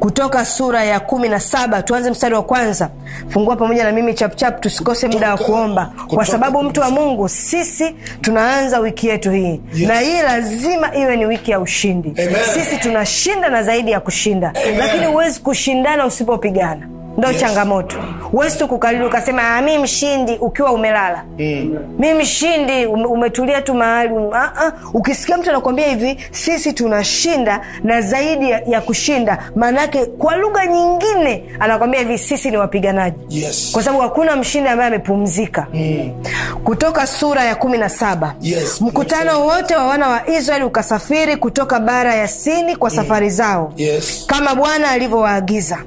kutoka sura ya kumi na saba tuanze mstari wa kwanza fungua pamoja na mimi chapchap tusikose muda wa kuomba kwa sababu mtu wa mungu sisi tunaanza wiki yetu hii yes. na hii lazima iwe ni wiki ya ushindi Amen. sisi tunashinda na zaidi ya kushinda Amen. lakini huwezi kushindana usipopigana ndo yes. changamoto huwezi tu kukalili ukasema ah, mi mshindi ukiwa umelala mm. mi mshindi umetulia tu mahali ah, ah. ukisikia mtu anakuambia hivi sisi tunashinda na zaidi ya, ya kushinda maanake kwa lugha nyingine anakwambia hivi sisi ni wapiganaji yes. kwa sababu hakuna mshindi ambaye amepumzika mm. kutoka sura ya kumi na saba yes, mkutano wote wa wana wa israeli ukasafiri kutoka bara ya sini kwa mm. safari zao yes. kama bwana alivyowaagiza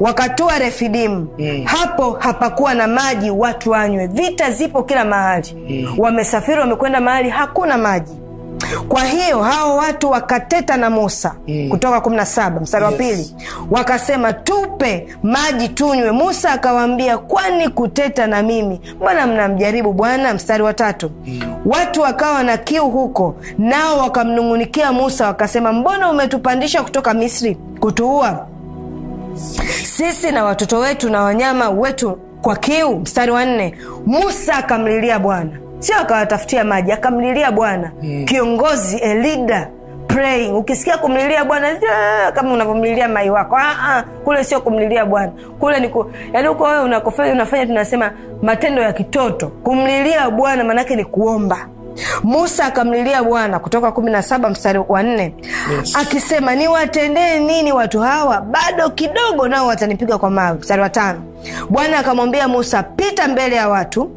wakatua refidim fidimu mm. hapo hapakuwa na maji watu wanywe. Vita zipo kila mahali mm. wamesafiri wamekwenda mahali hakuna maji. Kwa hiyo hao watu wakateta na Musa mm. Kutoka 17 na mstari wa yes. pili, wakasema tupe maji tunywe. Musa akawaambia, kwani kuteta na mimi? Mbona mnamjaribu Bwana? Mstari wa tatu mm. watu wakawa na kiu huko, nao wakamnung'unikia Musa wakasema, mbona umetupandisha kutoka Misri kutuua? sisi na watoto wetu na wanyama wetu kwa kiu. Mstari wa nne, Musa akamlilia Bwana, sio akawatafutia maji, akamlilia Bwana hmm. Kiongozi elida praying. Ukisikia kumlilia Bwana ah, kama unavyomlilia mai wako ah, ah, kule sio kumlilia Bwana, kule ni yani huko wewe unakofanya unafanya tunasema matendo ya kitoto. Kumlilia Bwana maanake ni kuomba Musa akamlilia Bwana, Kutoka 17 na saba mstari wa nne yes. akisema niwatendee nini watu hawa? Bado kidogo nao watanipiga kwa mawe. Mstari wa tano Bwana akamwambia Musa, pita mbele ya watu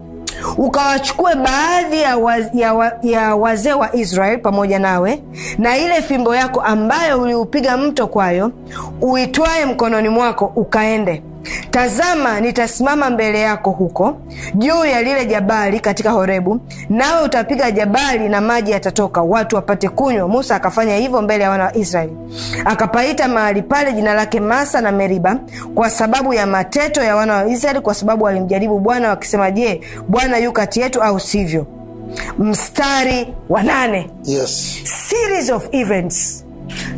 ukawachukue baadhi ya, wa, ya, wa, ya wazee wa israel pamoja nawe, na ile fimbo yako ambayo uliupiga mto kwayo uitwaye mkononi mwako, ukaende Tazama, nitasimama mbele yako huko juu ya lile jabali katika Horebu, nawe utapiga jabali na maji yatatoka, watu wapate kunywa. Musa akafanya hivyo mbele ya wana wa Israeli. Akapaita mahali pale jina lake Masa na Meriba, kwa sababu ya mateto ya wana wa Israeli, kwa sababu walimjaribu Bwana wakisema, Je, Bwana yu kati yetu au sivyo? Mstari wa nane. Yes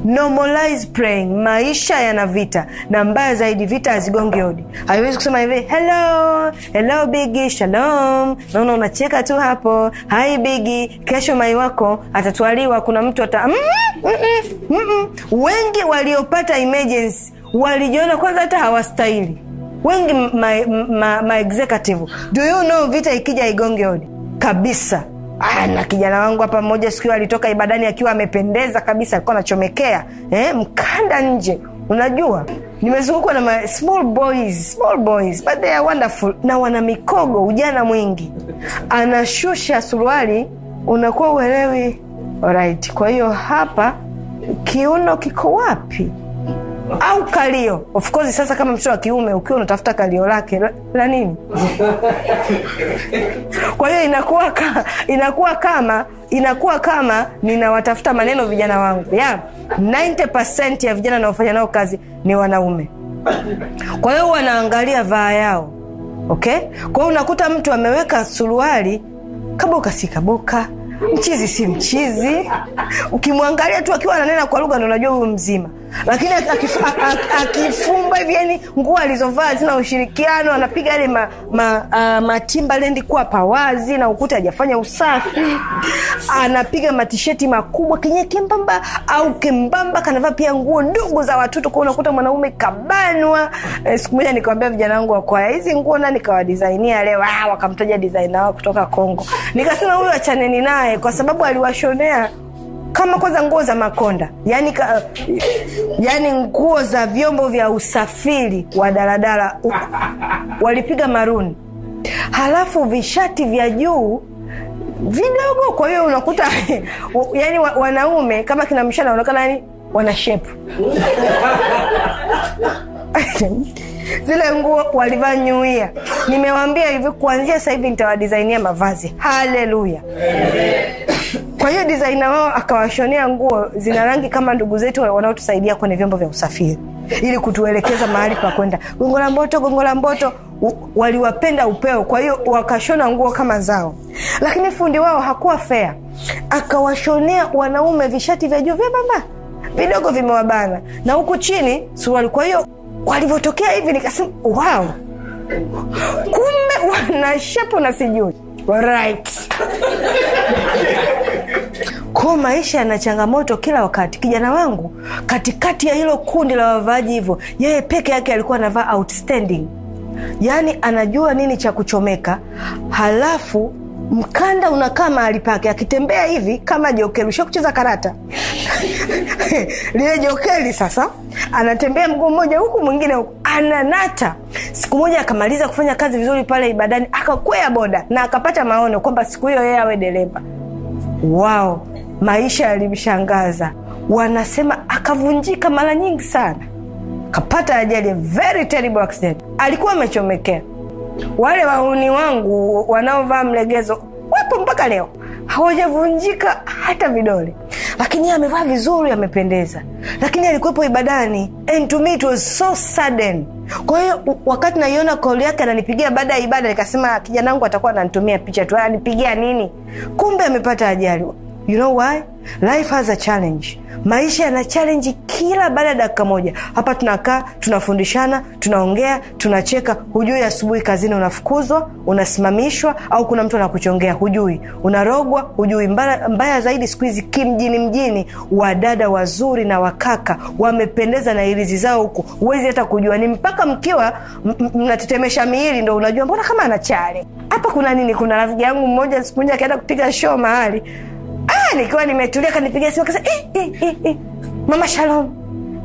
normalize praying. Maisha yana vita, na mbaya zaidi vita hazigongi odi Haiwezi kusema hivi hello hello Bigi shalom, naona unacheka tu hapo. Hai Bigi, kesho mai wako atatwaliwa, kuna mtu ata mm, mm -mm, mm -mm. Wengi waliopata emergency walijiona kwanza hata hawastahili wengi ma, ma, ma Do you know vita ikija igonge odi kabisa na kijana wangu hapa mmoja siku hiyo alitoka ibadani akiwa amependeza kabisa alikuwa anachomekea eh, mkanda nje unajua nimezungukwa na ma small boys, small boys but they are wonderful na wana mikogo ujana mwingi anashusha suruali unakuwa uelewi alright kwa hiyo hapa kiuno kiko wapi au kalio. Of course, sasa kama mtoto wa kiume ukiwa unatafuta kalio lake la, la nini? Kwa hiyo inakuwa ka, inakuwa kama inakuwa kama ninawatafuta maneno vijana wangu ya 90% ya vijana naofanya nao kazi ni wanaume, kwa hiyo wanaangalia vaa yao okay. Kwa hiyo unakuta mtu ameweka suruali kaboka si kaboka mchizi si mchizi, ukimwangalia tu akiwa ananena kwa lugha ndo unajua huyu mzima lakini akifumba hivi, yani nguo alizovaa hazina ushirikiano, anapiga yale ah, matimba ma, uh, matimberland kuwa pawazi na ukuta ajafanya usafi, anapiga matisheti makubwa kenye kembamba au kembamba, kanavaa pia nguo ndugu za watoto kwao, unakuta mwanaume kabanwa. Eh, siku moja nikawambia vijana wangu wakwaya, hizi nguo na kawadisainia leo? Ah, wakamtaja disaina wao kutoka Kongo. Nikasema huyu achaneni naye kwa sababu aliwashonea kama kwanza nguo za makonda yani, ka, yani nguo za vyombo vya usafiri wa daladala walipiga maruni, halafu vishati vya juu vidogo. Kwa hiyo unakuta yani wanaume kama kina mshana wanaonekana yani wana shepu zile nguo walivaa nyuia Nimewambia hivi, kuanzia sasa hivi nitawadizainia mavazi. Haleluya! Kwa hiyo disaina wao akawashonea nguo zina rangi kama ndugu zetu wanaotusaidia kwenye vyombo vya usafiri ili kutuelekeza mahali pa kwenda. Gongo la Mboto, Gongo la Mboto. Waliwapenda upeo, kwa hiyo wakashona nguo kama zao, lakini fundi wao hakuwa fea, akawashonea wanaume vishati vya juu vyebamba vidogo vimewabana na huku chini suruali, kwa hiyo walivyotokea hivi nikasema wow, kumbe wanashapo na sijui right. ko maisha yana changamoto kila wakati. Kijana wangu katikati ya hilo kundi la wavaaji hivyo, yeye peke yake alikuwa anavaa outstanding, yaani anajua nini cha kuchomeka, halafu mkanda unakaa mahali pake, akitembea hivi kama jokeli. Usha kucheza karata lile jokeli sasa, anatembea mguu mmoja huku mwingine huku, ananata. Siku moja akamaliza kufanya kazi vizuri pale ibadani, akakwea boda na akapata maono kwamba siku hiyo yeye awe dereva wao. Maisha yalimshangaza, wanasema akavunjika mara nyingi sana, kapata ajali, very terrible accident, alikuwa amechomekea wale wauni wangu wanaovaa mlegezo wapo mpaka leo, hawajavunjika hata vidole, lakini amevaa vizuri, amependeza, lakini alikuwepo ibadani. And to me it was so sudden. Kwa hiyo wakati naiona koli yake ananipigia baada ya ibada, nikasema kijana wangu atakuwa ananitumia picha tu, anipigia nini? Kumbe amepata ajali. You know why? Life has a challenge. Maisha yana challenge kila baada ya dakika moja. Hapa tunakaa tunafundishana, tunaongea, tunacheka. Hujui asubuhi kazini unafukuzwa, unasimamishwa, au kuna mtu anakuchongea, hujui unarogwa, hujui mbaya, mbaya zaidi siku hizi kimjini mjini, wadada wazuri na wakaka wamependeza na ilizi zao huku, huwezi hata kujua ni mpaka mkiwa mnatetemesha miili ndio unajua mbona kama ana chale hapa. Kuna nini? Kuna rafiki yangu mmoja siku moja akaenda kupiga show mahali nikiwa nimetulia kanipigia simu akasema eh, eh, eh, eh. Mama Shalom,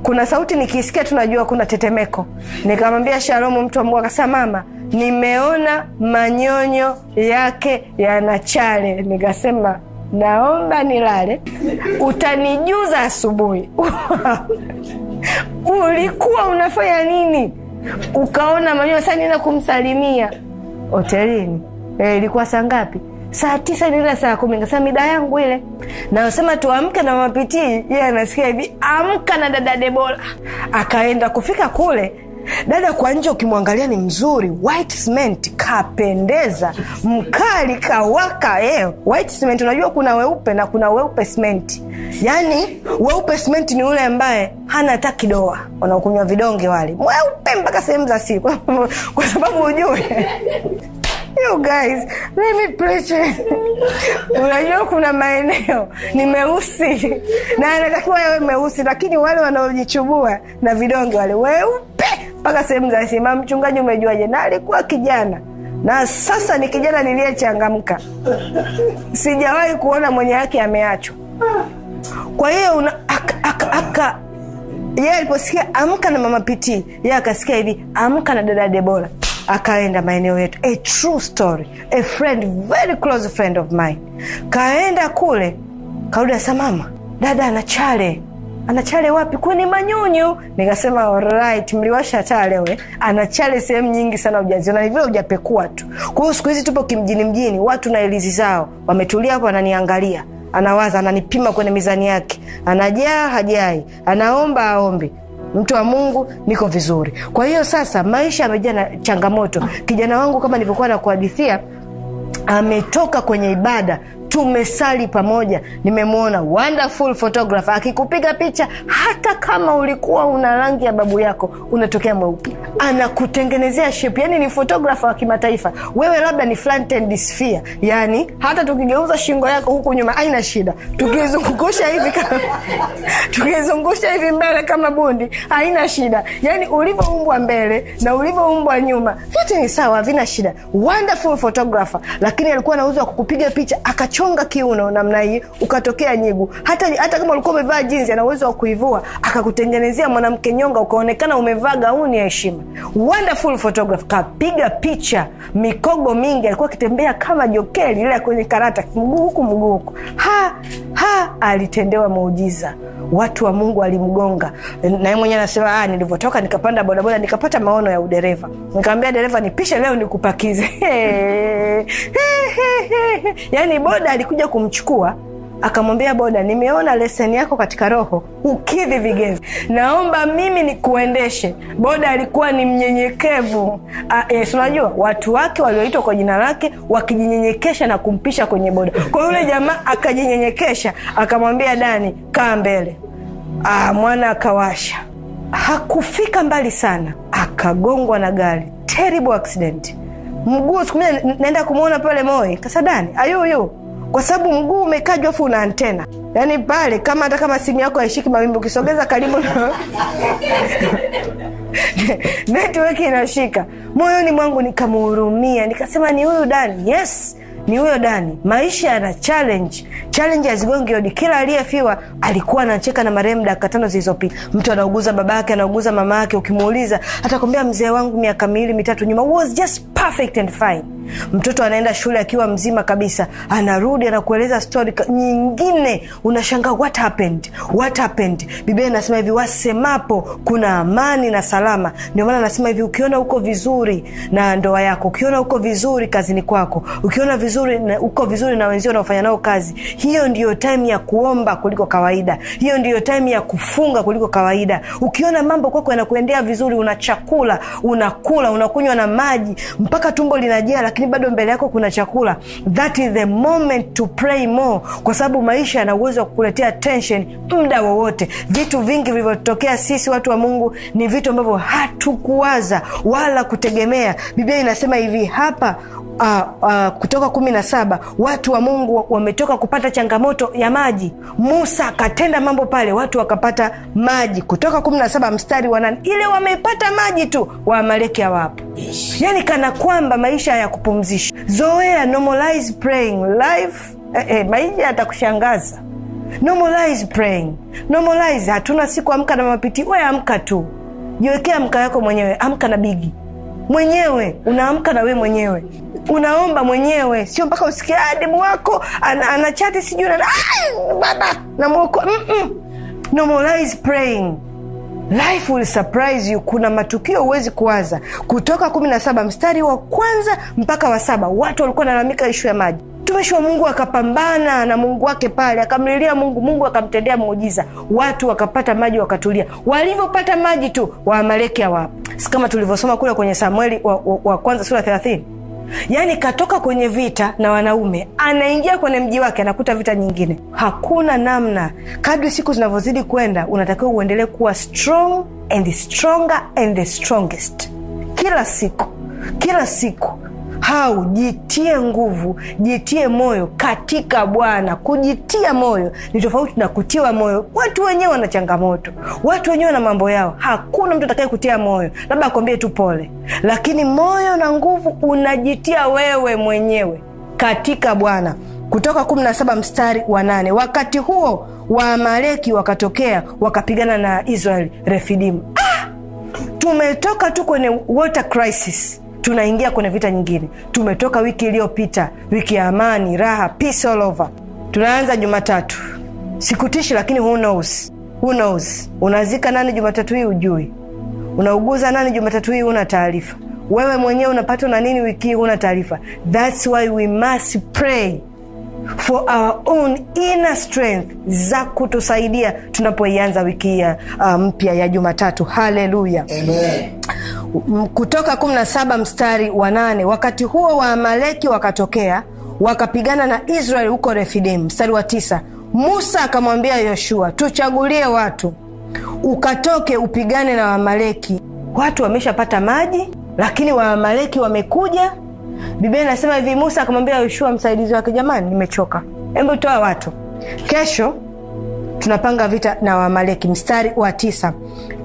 kuna sauti nikisikia tunajua kuna tetemeko. Nikamwambia Shalom, mtu wa Mungu. Akasema mama, nimeona manyonyo yake yana chale. Nikasema naomba nilale, utanijuza asubuhi ulikuwa unafanya nini ukaona manyonyo? Sasa kumsalimia hotelini. Eh, ilikuwa saa ngapi? saa tisa nila saa kumi kasema mida yangu ile nasema tuamke na mapitii ye anasikia hivi amka na dada debora akaenda kufika kule dada kwa nje ukimwangalia ni mzuri white cement kapendeza mkali kawaka eh, white cement unajua kuna weupe na kuna weupe cement yaani weupe cement ni ule ambaye hana hata kidoa wanaokunywa vidonge wale mweupe mpaka sehemu za siku kwa sababu ujue You guys, let me preach. Unajua kuna maeneo ni meusi na anatakiwa yawe meusi, lakini wale wanaojichubua na vidonge wale weupe mpaka sehemu za sima. Mchungaji, umejuaje? Na alikuwa kijana na sasa ni kijana niliyechangamka, sijawahi kuona mwenye yake ameachwa. Kwa hiyo yeye aliposikia amka na mama Pitii, yeye akasikia hivi amka na dada Debora akaenda maeneo yetu. A true story, a friend, very close friend of mine kaenda kule, karudi asamama, dada anachale anachale wapi? kweni manyunyu. Nikasema alright, mliwasha taa leo. Anachale sehemu nyingi sana, ujaziona ni vile ujapekua tu. Kwa hiyo siku hizi tupo kimjini mjini, watu na elizi zao wametulia hapo, ananiangalia, anawaza, ananipima kwenye mizani yake, anajaa hajai, anaomba aombi, mtu wa mungu niko vizuri kwa hiyo sasa maisha yamejaa na changamoto kijana wangu kama nilivyokuwa nakuhadithia ametoka kwenye ibada tumesali pamoja, nimemwona wonderful photographer akikupiga picha, hata kama ulikuwa una rangi ya babu yako unatokea mweupe, anakutengenezea shape. Yani ni photographer wa kimataifa, wewe labda ni front end sphere. Yani hata tukigeuza shingo yako huku nyuma haina shida, tukizungusha hivi kama tukizungusha hivi mbele kama bundi haina shida. Yani ulivyoumbwa mbele na ulivyoumbwa nyuma vyote ni sawa, havina shida. Wonderful photographer, lakini alikuwa anauzwa kukupiga picha akacho ukafunga kiuno namna hii ukatokea nyigu, hata hata kama ulikuwa umevaa jinzi, ana uwezo wa kuivua akakutengenezea mwanamke nyonga, ukaonekana umevaa gauni ya heshima. Wonderful photograph kapiga picha mikogo mingi, alikuwa akitembea kama jokeli ile kwenye karata, mguu huku mguu huku. Ha, ha, alitendewa muujiza watu wa Mungu walimgonga, naye mwenye anasema ah, nilivyotoka nikapanda bodaboda nikapata maono ya udereva, nikamwambia dereva, nipishe leo nikupakize. Yani boda alikuja kumchukua akamwambia boda, nimeona leseni yako katika roho, ukidhi vigezo, naomba mimi nikuendeshe. Boda alikuwa ni mnyenyekevu. yes, unajua watu wake walioitwa kwa jina lake wakijinyenyekesha na kumpisha kwenye boda. Kwa yule jamaa akajinyenyekesha, akamwambia Dani, kaa mbele. Ah, mwana akawasha. Hakufika mbali sana, akagongwa na gari, terrible accident. Mguu siku naenda kumwona pale Moi, kasadani ayuyu kwa sababu mguu umekaa jofu una antena yaani pale kama hata kama simu yako haishiki mawimbi ukisogeza karibu na network inashika moyoni mwangu nikamhurumia nikasema ni huyu dani yes ni huyo Dani. Maisha yana challenge, challenge hazigongi odi Kila aliyefiwa alikuwa anacheka na marehemu dakika tano zilizopita. Mtu anauguza baba yake anauguza mama yake, ukimuuliza atakwambia mzee wangu miaka miwili mitatu nyuma was just perfect and fine. Mtoto anaenda shule akiwa mzima kabisa, anarudi anakueleza stori nyingine, unashanga what happened, what happened. Biblia inasema hivi, wasemapo kuna amani na salama. Ndio maana anasema hivi, ukiona huko vizuri na ndoa yako, ukiona huko vizuri kazini kwako, ukiona vizuri vizuri na, uko vizuri na wenzio unaofanya nao kazi hiyo ndiyo taimu ya kuomba kuliko kawaida hiyo ndiyo taimu ya kufunga kuliko kawaida ukiona mambo kwako yanakuendea vizuri una chakula unakula unakunywa na maji mpaka tumbo linajaa lakini bado mbele yako kuna chakula that is the moment to pray more kwa sababu maisha yana uwezo wa kukuletea tension muda wowote vitu vingi vilivyotokea sisi watu wa mungu ni vitu ambavyo hatukuwaza wala kutegemea biblia inasema hivi hapa uh, uh, Kutoka kumi na saba, watu wa Mungu wametoka kupata changamoto ya maji. Musa akatenda mambo pale, watu wakapata maji. Kutoka kumi na saba mstari wa nane, ile wamepata maji tu, Waamaleki awapo Yes. Yani kana kwamba maisha ya kupumzisha zoea, normalize praying life eh, eh, maisha yatakushangaza. Normalize praying, normalize. Hatuna siku amka na mapiti we amka tu, jiwekea mka yako mwenyewe, amka na bigi mwenyewe, unaamka na we mwenyewe, unaomba mwenyewe, sio mpaka usikia ah, demu wako an, anachati sijui ah, baba namwokoa. Life will surprise you. Kuna matukio huwezi kuwaza. Kutoka kumi na saba mstari wa kwanza mpaka wa saba watu walikuwa nalalamika ishu ya maji mtumishi wa mungu akapambana na mungu wake pale akamlilia mungu mungu akamtendea muujiza watu wakapata maji wakatulia walivyopata maji tu waamaleki hawa si kama tulivyosoma kule kwenye samueli wa, wa, wa kwanza sura thelathini yaani katoka kwenye vita na wanaume anaingia kwenye mji wake anakuta vita nyingine hakuna namna kadri siku zinavyozidi kwenda unatakiwa uendelee kuwa strong and stronger and the strongest kila siku kila siku au jitie nguvu, jitie moyo katika Bwana. Kujitia moyo ni tofauti na kutiwa moyo. Watu wenyewe wana changamoto, watu wenyewe wana mambo yao. Hakuna mtu atakaye kutia moyo, labda akwambie tu pole, lakini moyo na nguvu unajitia wewe mwenyewe katika Bwana. Kutoka 17 mstari wa nane. Wakati huo Waamaleki wakatokea wakapigana na Israeli Refidimu. Ah! tumetoka tu kwenye water crisis tunaingia kwenye vita nyingine. Tumetoka wiki iliyopita, wiki ya amani, raha, peace all over. Tunaanza Jumatatu. Sikutishi, lakini who knows? Who knows? Unazika nani Jumatatu hii ujui unauguza nani Jumatatu hii huna taarifa, wewe mwenyewe unapatwa na nini wiki hii huna taarifa. That's why we must pray for our own inner strength za kutusaidia tunapoianza wiki hii uh, mpya ya Jumatatu. Haleluya, amen. Kutoka 17 mstari wa nane, wakati huo Waamaleki wakatokea wakapigana na Israeli huko refidim Mstari wa tisa, Musa akamwambia Yoshua, tuchagulie watu ukatoke upigane na Waamaleki. Watu wameshapata maji, lakini Waamaleki wamekuja. Biblia inasema hivi, Musa akamwambia Yoshua msaidizi wake, jamani, nimechoka, hebu toa watu, kesho tunapanga vita na Waamaleki. Mstari wa tisa,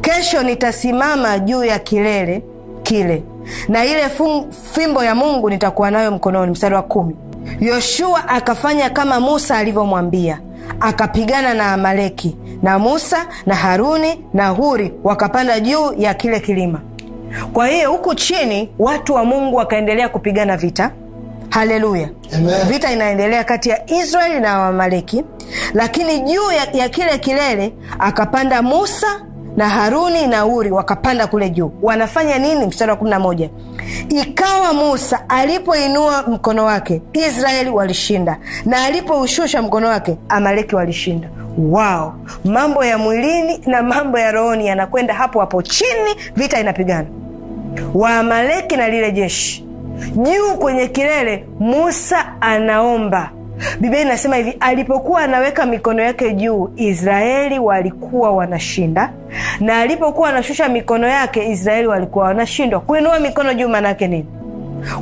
Kesho nitasimama juu ya kilele kile na ile fum, fimbo ya Mungu nitakuwa nayo mkononi. Mstari wa kumi. Yoshua akafanya kama Musa alivyomwambia, akapigana na Amaleki, na Musa na Haruni na Huri wakapanda juu ya kile kilima. Kwa hiyo huku chini watu wa Mungu wakaendelea kupigana vita. Haleluya, vita inaendelea kati ya Israeli na Wamaleki, lakini juu ya, ya kile kilele akapanda Musa na Haruni na Uri wakapanda kule juu. Wanafanya nini? Mstari wa kumi na moja ikawa Musa alipoinua mkono wake, Israeli walishinda, na alipoushusha mkono wake, Amaleki walishinda. Wao mambo ya mwilini na mambo ya rohoni yanakwenda hapo hapo, chini vita inapigana, Waamaleki na lile jeshi juu kwenye kilele. Musa anaomba Biblia inasema hivi, alipokuwa anaweka mikono yake juu, Israeli walikuwa wanashinda, na alipokuwa anashusha mikono yake, Israeli walikuwa wanashindwa. Kuinua mikono juu maana yake nini?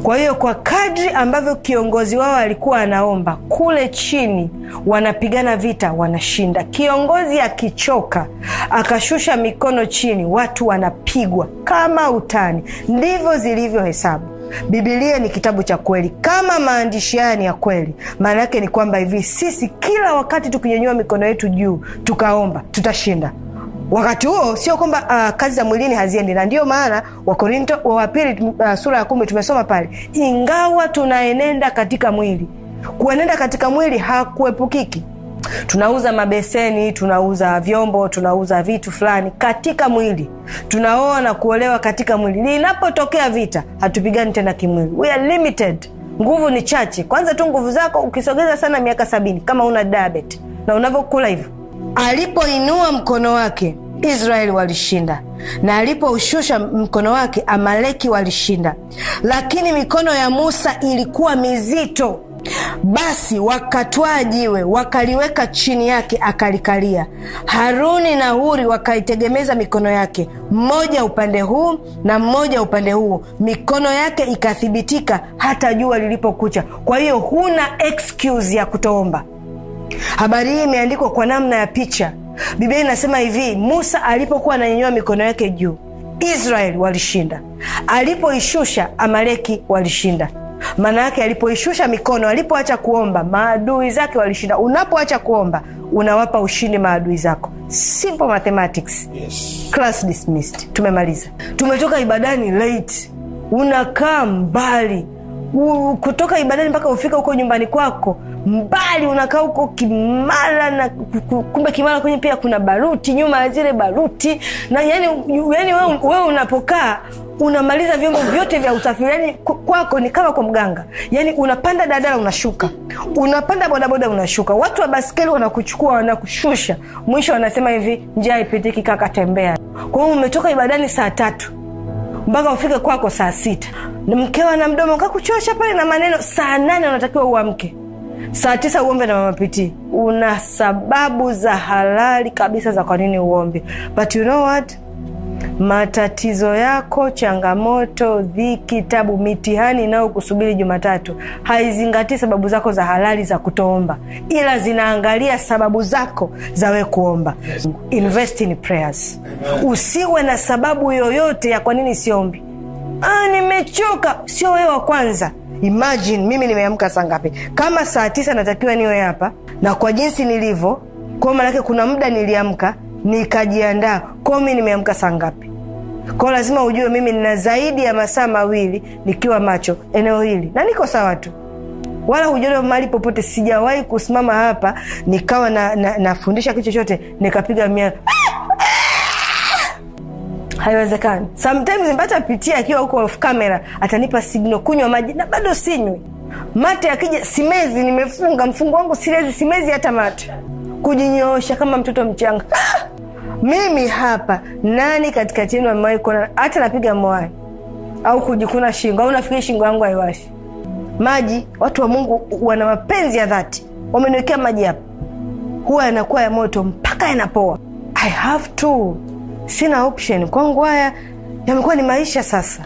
Kwa hiyo kwa kadri ambavyo kiongozi wao alikuwa anaomba, kule chini wanapigana vita, wanashinda. Kiongozi akichoka akashusha mikono chini, watu wanapigwa kama utani. Ndivyo zilivyo hesabu. Bibilia ni kitabu cha kweli. Kama maandishi haya ni ya kweli, maana yake ni kwamba hivi sisi kila wakati tukinyanyua mikono yetu juu tukaomba, tutashinda wakati huo sio kwamba uh, kazi za mwilini haziendi, na ndio maana Wakorinto wa pili uh, sura ya kumi tumesoma pale, ingawa tunaenenda katika mwili. Kuenenda katika mwili hakuepukiki tunauza mabeseni, tunauza vyombo, tunauza vitu fulani katika mwili. Tunaoa na kuolewa katika mwili. Linapotokea vita, hatupigani tena kimwili, we are limited. Nguvu ni chache. Kwanza tu nguvu zako ukisogeza sana miaka sabini, kama una diabet na unavyokula hivyo. Alipoinua mkono wake Israeli walishinda na alipoushusha mkono wake Amaleki walishinda, lakini mikono ya Musa ilikuwa mizito basi wakatwaa jiwe wakaliweka chini yake, akalikalia. Haruni na Huri wakaitegemeza mikono yake, mmoja upande huu na mmoja upande huu, mikono yake ikathibitika hata jua lilipokucha. Kwa hiyo huna excuse ya kutoomba. Habari hii imeandikwa kwa namna ya picha. Biblia inasema hivi, Musa alipokuwa ananyenyua mikono yake juu, Israeli walishinda, alipoishusha Amaleki walishinda maana yake alipoishusha mikono, alipoacha kuomba, maadui zake walishinda. Unapoacha kuomba, unawapa ushindi maadui zako. Simple mathematics. Yes. Class dismissed. Tumemaliza, tumetoka ibadani late, unakaa mbali u, kutoka ibadani mpaka ufika huko nyumbani kwako mbali unakaa huko Kimara na kumbe Kimara kwenye pia kuna baruti nyuma ya zile baruti na yani, yani wewe we unapokaa unamaliza vyombo vyote vya usafiri yani kwako ni kama kwa mganga yani unapanda dadala unashuka unapanda bodaboda unashuka watu wa baskeli wanakuchukua wanakushusha mwisho wanasema hivi njia ipitiki kaka tembea kwa hiyo umetoka ibadani saa tatu mpaka ufike kwako saa sita mkewa na mdomo kakuchosha pale na maneno. Saa nane unatakiwa uamke, saa tisa uombe na mamapitii. Una sababu za halali kabisa za kwa nini uombe, but you know what matatizo yako, changamoto, dhiki, tabu, mitihani inayokusubiri Jumatatu haizingatii sababu zako za halali za kutoomba, ila zinaangalia sababu zako za we kuomba. Yes. in prayers. Amen. Usiwe na sababu yoyote ya kwa nini siombi. Ah, nimechoka. Sio wewe wa kwanza. Imagine mimi nimeamka saa ngapi? Kama saa tisa natakiwa niwe hapa, na kwa jinsi nilivyo, kwao maanake kuna muda niliamka nikajiandaa kwao. Mi nimeamka saa ngapi? Kwao lazima ujue mimi nina zaidi ya masaa mawili nikiwa macho eneo hili, na niko sawa tu, wala hujaona mali popote. Sijawahi kusimama hapa nikawa nafundisha na, na kitu chochote nikapiga mia Haiwezekani. Sometimes mpata pitia akiwa huko off camera, atanipa signo kunywa maji na bado sinywi. Mate akija simezi, nimefunga mfungo wangu, silezi, simezi hata mate. Kujinyoosha kama mtoto mchanga ah! mimi hapa. Nani katikati yenu amewahi kuona hata napiga mwai au kujikuna shingo au nafikiri shingo yangu haiwashi maji? Watu wa Mungu wana mapenzi ya dhati, wameniwekea maji hapa, huwa yanakuwa ya moto mpaka yanapoa. I have to, sina option. Kwangu haya yamekuwa ni maisha sasa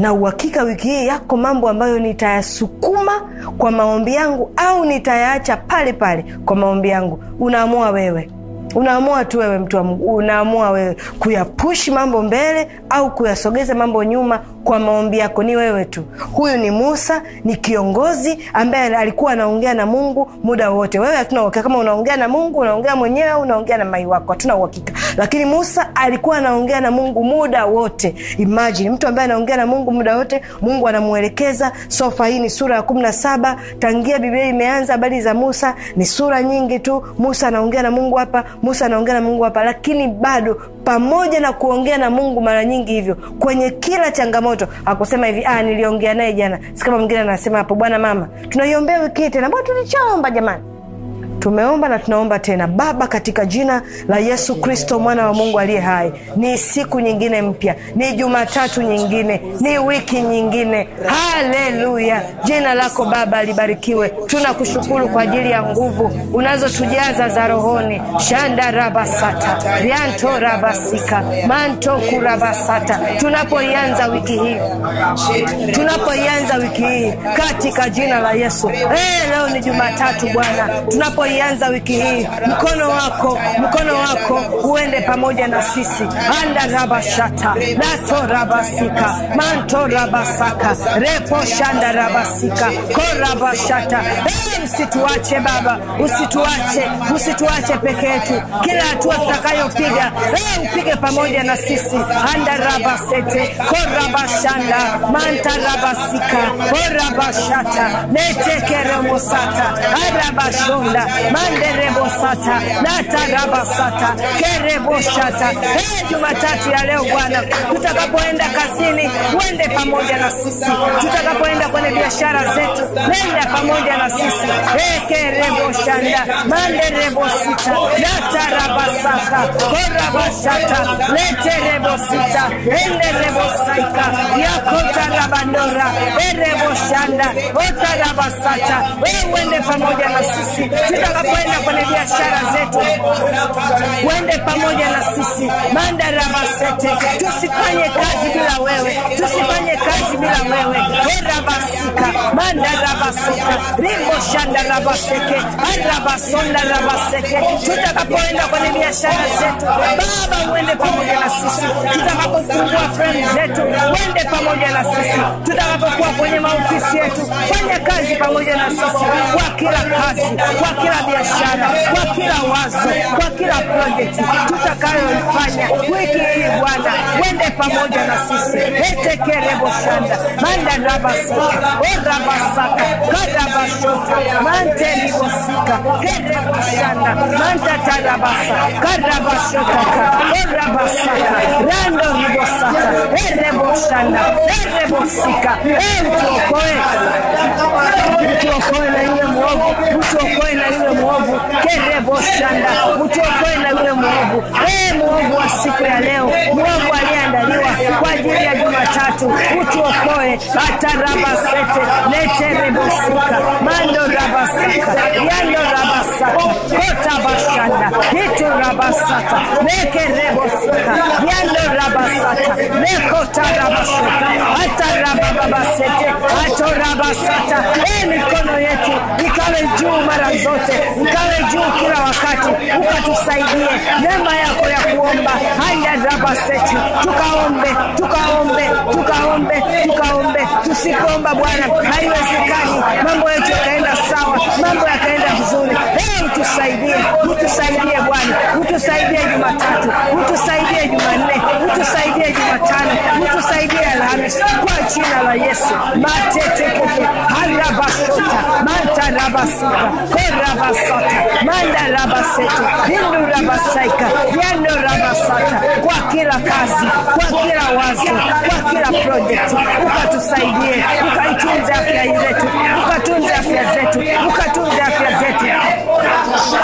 na uhakika wiki hii yako mambo ambayo nitayasukuma kwa maombi yangu au nitayaacha pale pale kwa maombi yangu. Unaamua wewe. Unaamua tu wewe, mtu unaamua wewe kuyapush mambo mbele au kuyasogeza mambo nyuma. Kwa maombi yako ni wewe tu. Huyu ni Musa, ni kiongozi ambaye alikuwa anaongea na Mungu muda wote. Wewe hatuna uhakika kama unaongea na Mungu, unaongea mwenyewe au unaongea na mai wako, hatuna uhakika, lakini Musa alikuwa anaongea na Mungu muda wote. Imagine mtu ambaye anaongea na Mungu muda wote, Mungu anamwelekeza. Sofa hii ni sura ya kumi na saba tangia Biblia imeanza, habari za Musa ni sura nyingi tu. Musa anaongea na Mungu hapa Musa anaongea na Mungu hapa, lakini bado pamoja na kuongea na Mungu mara nyingi hivyo, kwenye kila changamoto akusema hivi, ah, niliongea naye jana. Si kama mwingine anasema hapo, bwana mama, tunaiombea wiki tena, mbona tulichomba jamani? Tumeomba na tunaomba tena. Baba, katika jina la Yesu Kristo mwana wa Mungu aliye hai, ni siku nyingine mpya, ni Jumatatu nyingine, ni wiki nyingine. Haleluya! Jina lako Baba libarikiwe. Tunakushukuru kwa ajili ya nguvu unazotujaza za rohoni. shanda rabasata ryanto rabasika mantoku rabasata Tunapoianza wiki hii, tunapoianza wiki hii katika jina la Yesu. Hey, eh, leo ni Jumatatu Bwana, tunapo tunapoianza wiki hii, mkono wako mkono wako uende pamoja na sisi. anda rabashata lato rabasika manto rabasaka repo shanda rabasika korabashata. Ee, msituache Baba, usituache, usituache peke yetu. Kila hatua tutakayopiga ee, upige pamoja na sisi. anda rabasete korabashanda manta rabasika korabashata netekeromosata arabashonda manderebosata natarabasata kereboshata. Ee, Jumatatu ya leo Bwana, tutakapoenda kazini wende pamoja na sisi, tutakapoenda kwenye biashara zetu nenda pamoja na sisi. ekereboshanda manderebosita natarabasata korabashata leterebosita enderebosaika yakotarabandora ereboshanda otarabasata. Wewe pamoja na sisi tutakapoenda kwenye biashara zetu, wende pamoja na sisi. mandara basete, tusifanye kazi bila wewe, tusifanye kazi bila wewe. erabasika mandarabasika rimboshandarabaseke arabasondarabaseke. Tutakapoenda kwenye biashara zetu, Baba wende pamoja na sisi. Tutakapofungua fremu zetu, wende pamoja na sisi. Tutakapokuwa kwenye maofisi yetu, fanya kazi pamoja na sisi, kwa kila kazi, kwa kila kila biashara, kwa kila wazo, kwa kila projekti tutakayoifanya wiki hii, Bwana wende pamoja na sisi. etekereboshanda mandarabasaka erabasaka kadabashoka mantelibosika kereboshanda mantatarabasa kadabashotaka erabasaka randoribosaka ereboshanda erebosika eutuokoe mtuokoe na iye mwovu mtuokoe na iye yule mwovu kereboshanda, mtuokoe na yule mwovu. Ee mwovu wa siku ya leo, mwovu aliyeandaliwa kwa ajili ya Jumatatu, utuokoe hatarabasete leterebosika mando rabasaka yando rabasaka kotabashanda hiturabasaka lekerebosika yando rabasaka lekotarabasaka hatarabababasete hatorabasata. Ee mikono yetu ikawe juu mara zote ukawe juu kila wakati, ukatusaidie neema yako ya kuomba haidarabasetu, tukaombe tukaombe tukaombe tukaombe. Tusipoomba Bwana haiwezekani, mambo yetu yakaenda sawa, mambo yakaenda vizuri. Leo utusaidie, utusaidie Bwana, utusaidie Jumatatu, utusaidie Jumanne, utusaidie Jumatano, utusaidie Alhamisi kwa jina la Yesu matetekeke harabashota matarabasika koraba rabasata manda rabaseta hindu rabasaika yendo rabasata kwa kila kazi kwa kila wazo kwa kila project ukatusaidie ukaitunze afya zetu ukatunze afya zetu ukatunze afya zetu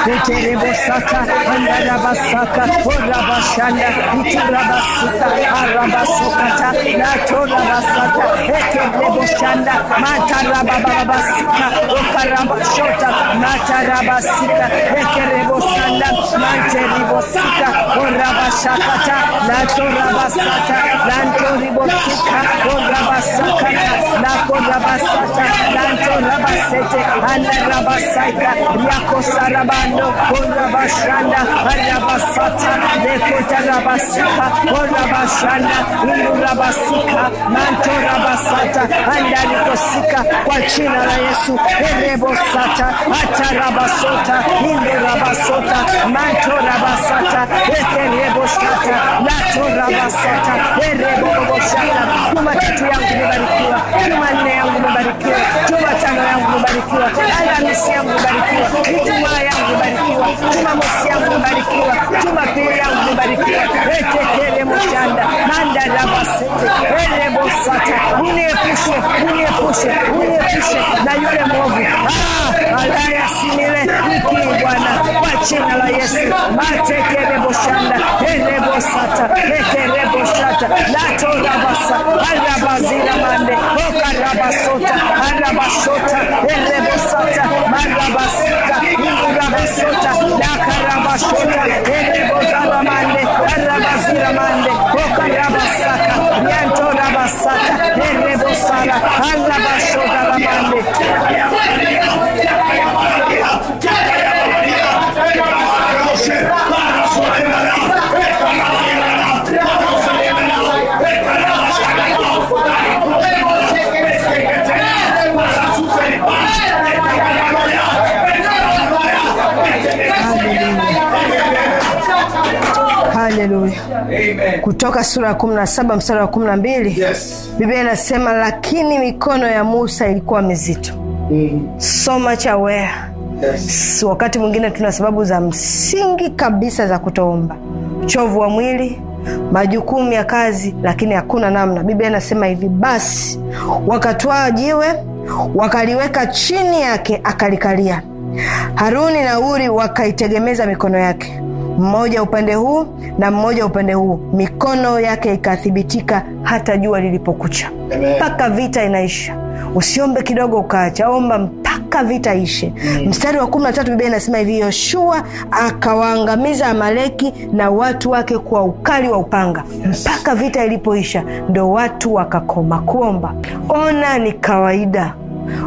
Teterebosata, Andarabasaka, Orabashanda, Iturabasuka, Arabasukata, Natorabasata, Ekereboshanda, Matarababasika, Okarabashota, mata Rabasika, Ekerebosanda, Manteribosika, Orabashakata, Lato Rabasata, Lanto Ribosika, Orabasakata, Lako Rabasata, Lanto Rabasete, Anda Rabasaika, Yako Sarabando, Orabashanda, Arabasata, Lekota Rabasika, Orabashanda, Urabasika, Manto Rabasata, Anda Ribosika, kwa jina la Yesu, Erebosata, Atarabasika, rabasota inde rabasota manto rabasata eke reboshata lato rabasata ereboroboshata chuma kitu yangu imebarikiwa chuma nne yangu imebarikiwa chuma tano yangu ala nisi yangu imebarikiwa ijumaa yangu imebarikiwa chuma mosi yangu imebarikiwa chuma pili yangu eke kere moshanda manda rabasete erebosata uniepushe uniepushe uniepushe na yule mwovu ah, alaya sine ile wiki Bwana, kwa jina la Yesu matekereboshanda elebosata ekereboshata latorabasa arabaziramande okarabasota arabasota elebosata marabasika urabasota lakarabashota elebozaramande arabaziramande okarabasaka yantorabasaka erebosara arabashotaramande moyo Amen. Kutoka sura ya kumi na saba wa kumi na mbili yes. Biblia inasema lakini mikono ya Musa ilikuwa mizito mm. so much aware yes. Wakati mwingine tuna sababu za msingi kabisa za kutoomba, uchovu wa mwili majukumu ya kazi, lakini hakuna namna. Biblia inasema hivi, basi wakatwaa jiwe wakaliweka chini yake, akalikalia. Haruni na Uri wakaitegemeza mikono yake, mmoja upande huu na mmoja upande huu, mikono yake ikathibitika hata jua lilipokucha, mpaka vita inaisha. Usiombe kidogo ukaacha, omba mpaka vita ishe. mm. Mstari wa kumi na tatu bibia inasema hivi, Yoshua akawaangamiza Amaleki na watu wake kwa ukali wa upanga. yes. mpaka vita ilipoisha, ndo watu wakakoma kuomba. Ona, ni kawaida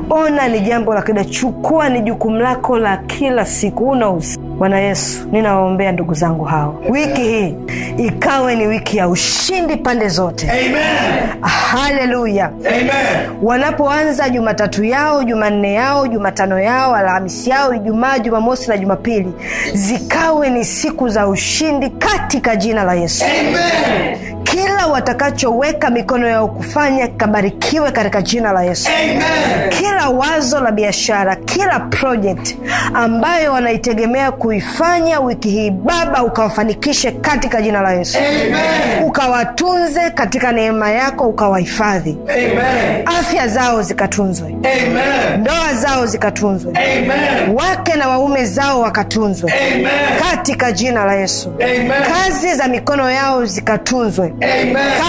Ona ni jambo la kawaida, chukua ni jukumu lako la kila siku. Una Bwana Yesu, ninawaombea ndugu zangu hao, wiki hii ikawe ni wiki ya ushindi pande zote. Haleluya. Wanapoanza Jumatatu yao, Jumanne yao, Jumatano yao, Alhamisi yao, Ijumaa, Jumamosi na Jumapili zikawe ni siku za ushindi katika jina la Yesu. Amen kila watakachoweka mikono yao kufanya kabarikiwe katika jina la Yesu. Amen. Kila wazo la biashara, kila project ambayo wanaitegemea kuifanya wiki hii, Baba ukawafanikishe katika jina la Yesu. Amen. Ukawatunze katika neema yako, ukawahifadhi. Afya zao zikatunzwe. Amen. Ndoa zao zikatunzwe. Amen. Wake na waume zao wakatunzwe. Amen. Katika jina la Yesu. Amen. Kazi za mikono yao zikatunzwe.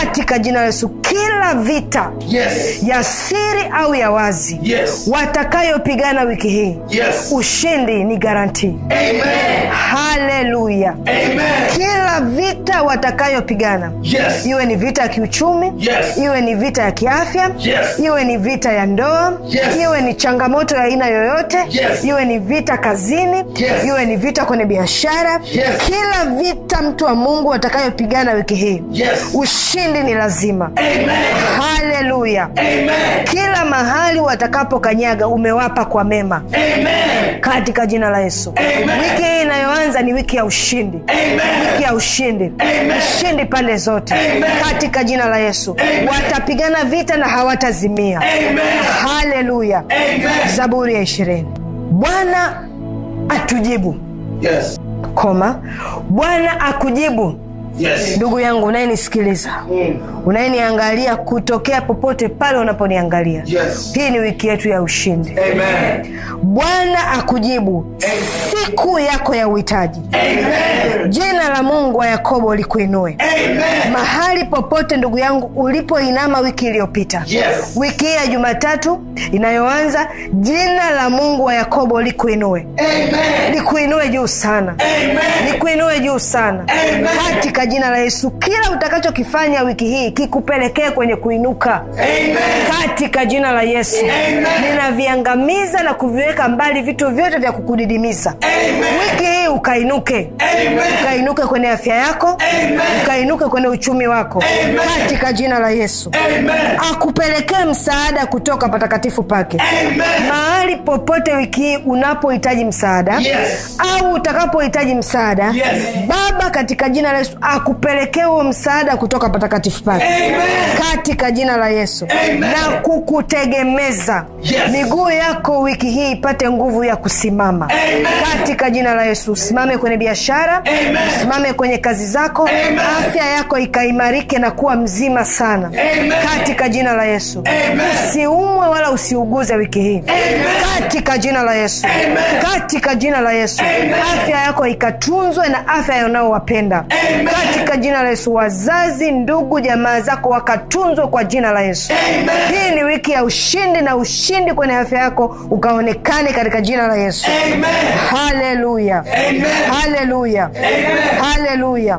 Katika jina la Yesu, kila vita yes. ya siri au ya wazi yes. watakayopigana wiki hii yes. ushindi ni garanti. Haleluya! kila vita watakayopigana yes. iwe ni vita ya kiuchumi yes. iwe ni vita ya kiafya yes. iwe ni vita ya ndoa yes. iwe ni changamoto ya aina yoyote yes. iwe ni vita kazini yes. iwe ni vita kwenye biashara yes. kila vita mtu wa Mungu watakayopigana wiki hii yes ushindi ni lazima haleluya kila mahali watakapokanyaga umewapa kwa mema Amen. katika jina la yesu Amen. wiki hii inayoanza ni wiki ya ushindi Amen. wiki ya ushindi Amen. ushindi pande zote Amen. katika jina la yesu Amen. watapigana vita na hawatazimia haleluya zaburi ya ishirini bwana atujibu yes. koma bwana akujibu yes. Ndugu yangu unayenisikiliza mm. unayeniangalia kutokea popote pale unaponiangalia yes. Hii ni wiki yetu ya ushindi Bwana akujibu Amen. siku yako ya uhitaji Jina la Mungu wa Yakobo likuinue mahali popote ndugu yangu ulipoinama wiki iliyopita yes. wiki hii ya Jumatatu inayoanza jina la Mungu wa Yakobo likuinue likuinue juu sana likuinue juu sana katika jina la Yesu, kila utakachokifanya wiki hii kikupelekee kwenye kuinuka Amen. Katika jina la Yesu Ninaviangamiza na kuviweka mbali vitu vyote vya kukudidimiza Amen. Wiki hii ukainuke Amen. Ukainuke kwenye afya yako Amen. Ukainuke kwenye uchumi wako Amen. Katika jina la Yesu Amen. Akupelekee msaada kutoka patakatifu pake Amen. Mahali popote wiki hii unapohitaji msaada yes. Au utakapohitaji msaada yes. Baba katika jina la Yesu akupelekea huo msaada kutoka patakatifu pake katika jina la Yesu Amen. na kukutegemeza yes. miguu yako wiki hii ipate nguvu ya kusimama Amen. katika jina la Yesu usimame kwenye biashara, usimame kwenye kazi zako Amen. afya yako ikaimarike na kuwa mzima sana Amen. katika jina la Yesu usiumwe wala usiuguze wiki hii katika jina la Yesu Amen. katika jina la Yesu Amen. afya yako ikatunzwe na afya yanaowapenda katika jina la Yesu. Wazazi, ndugu, jamaa zako wakatunzwe kwa jina la Yesu. Amen. Hii ni wiki ya ushindi na ushindi kwenye afya yako ukaonekane katika jina la Yesu. Haleluya, haleluya, haleluya.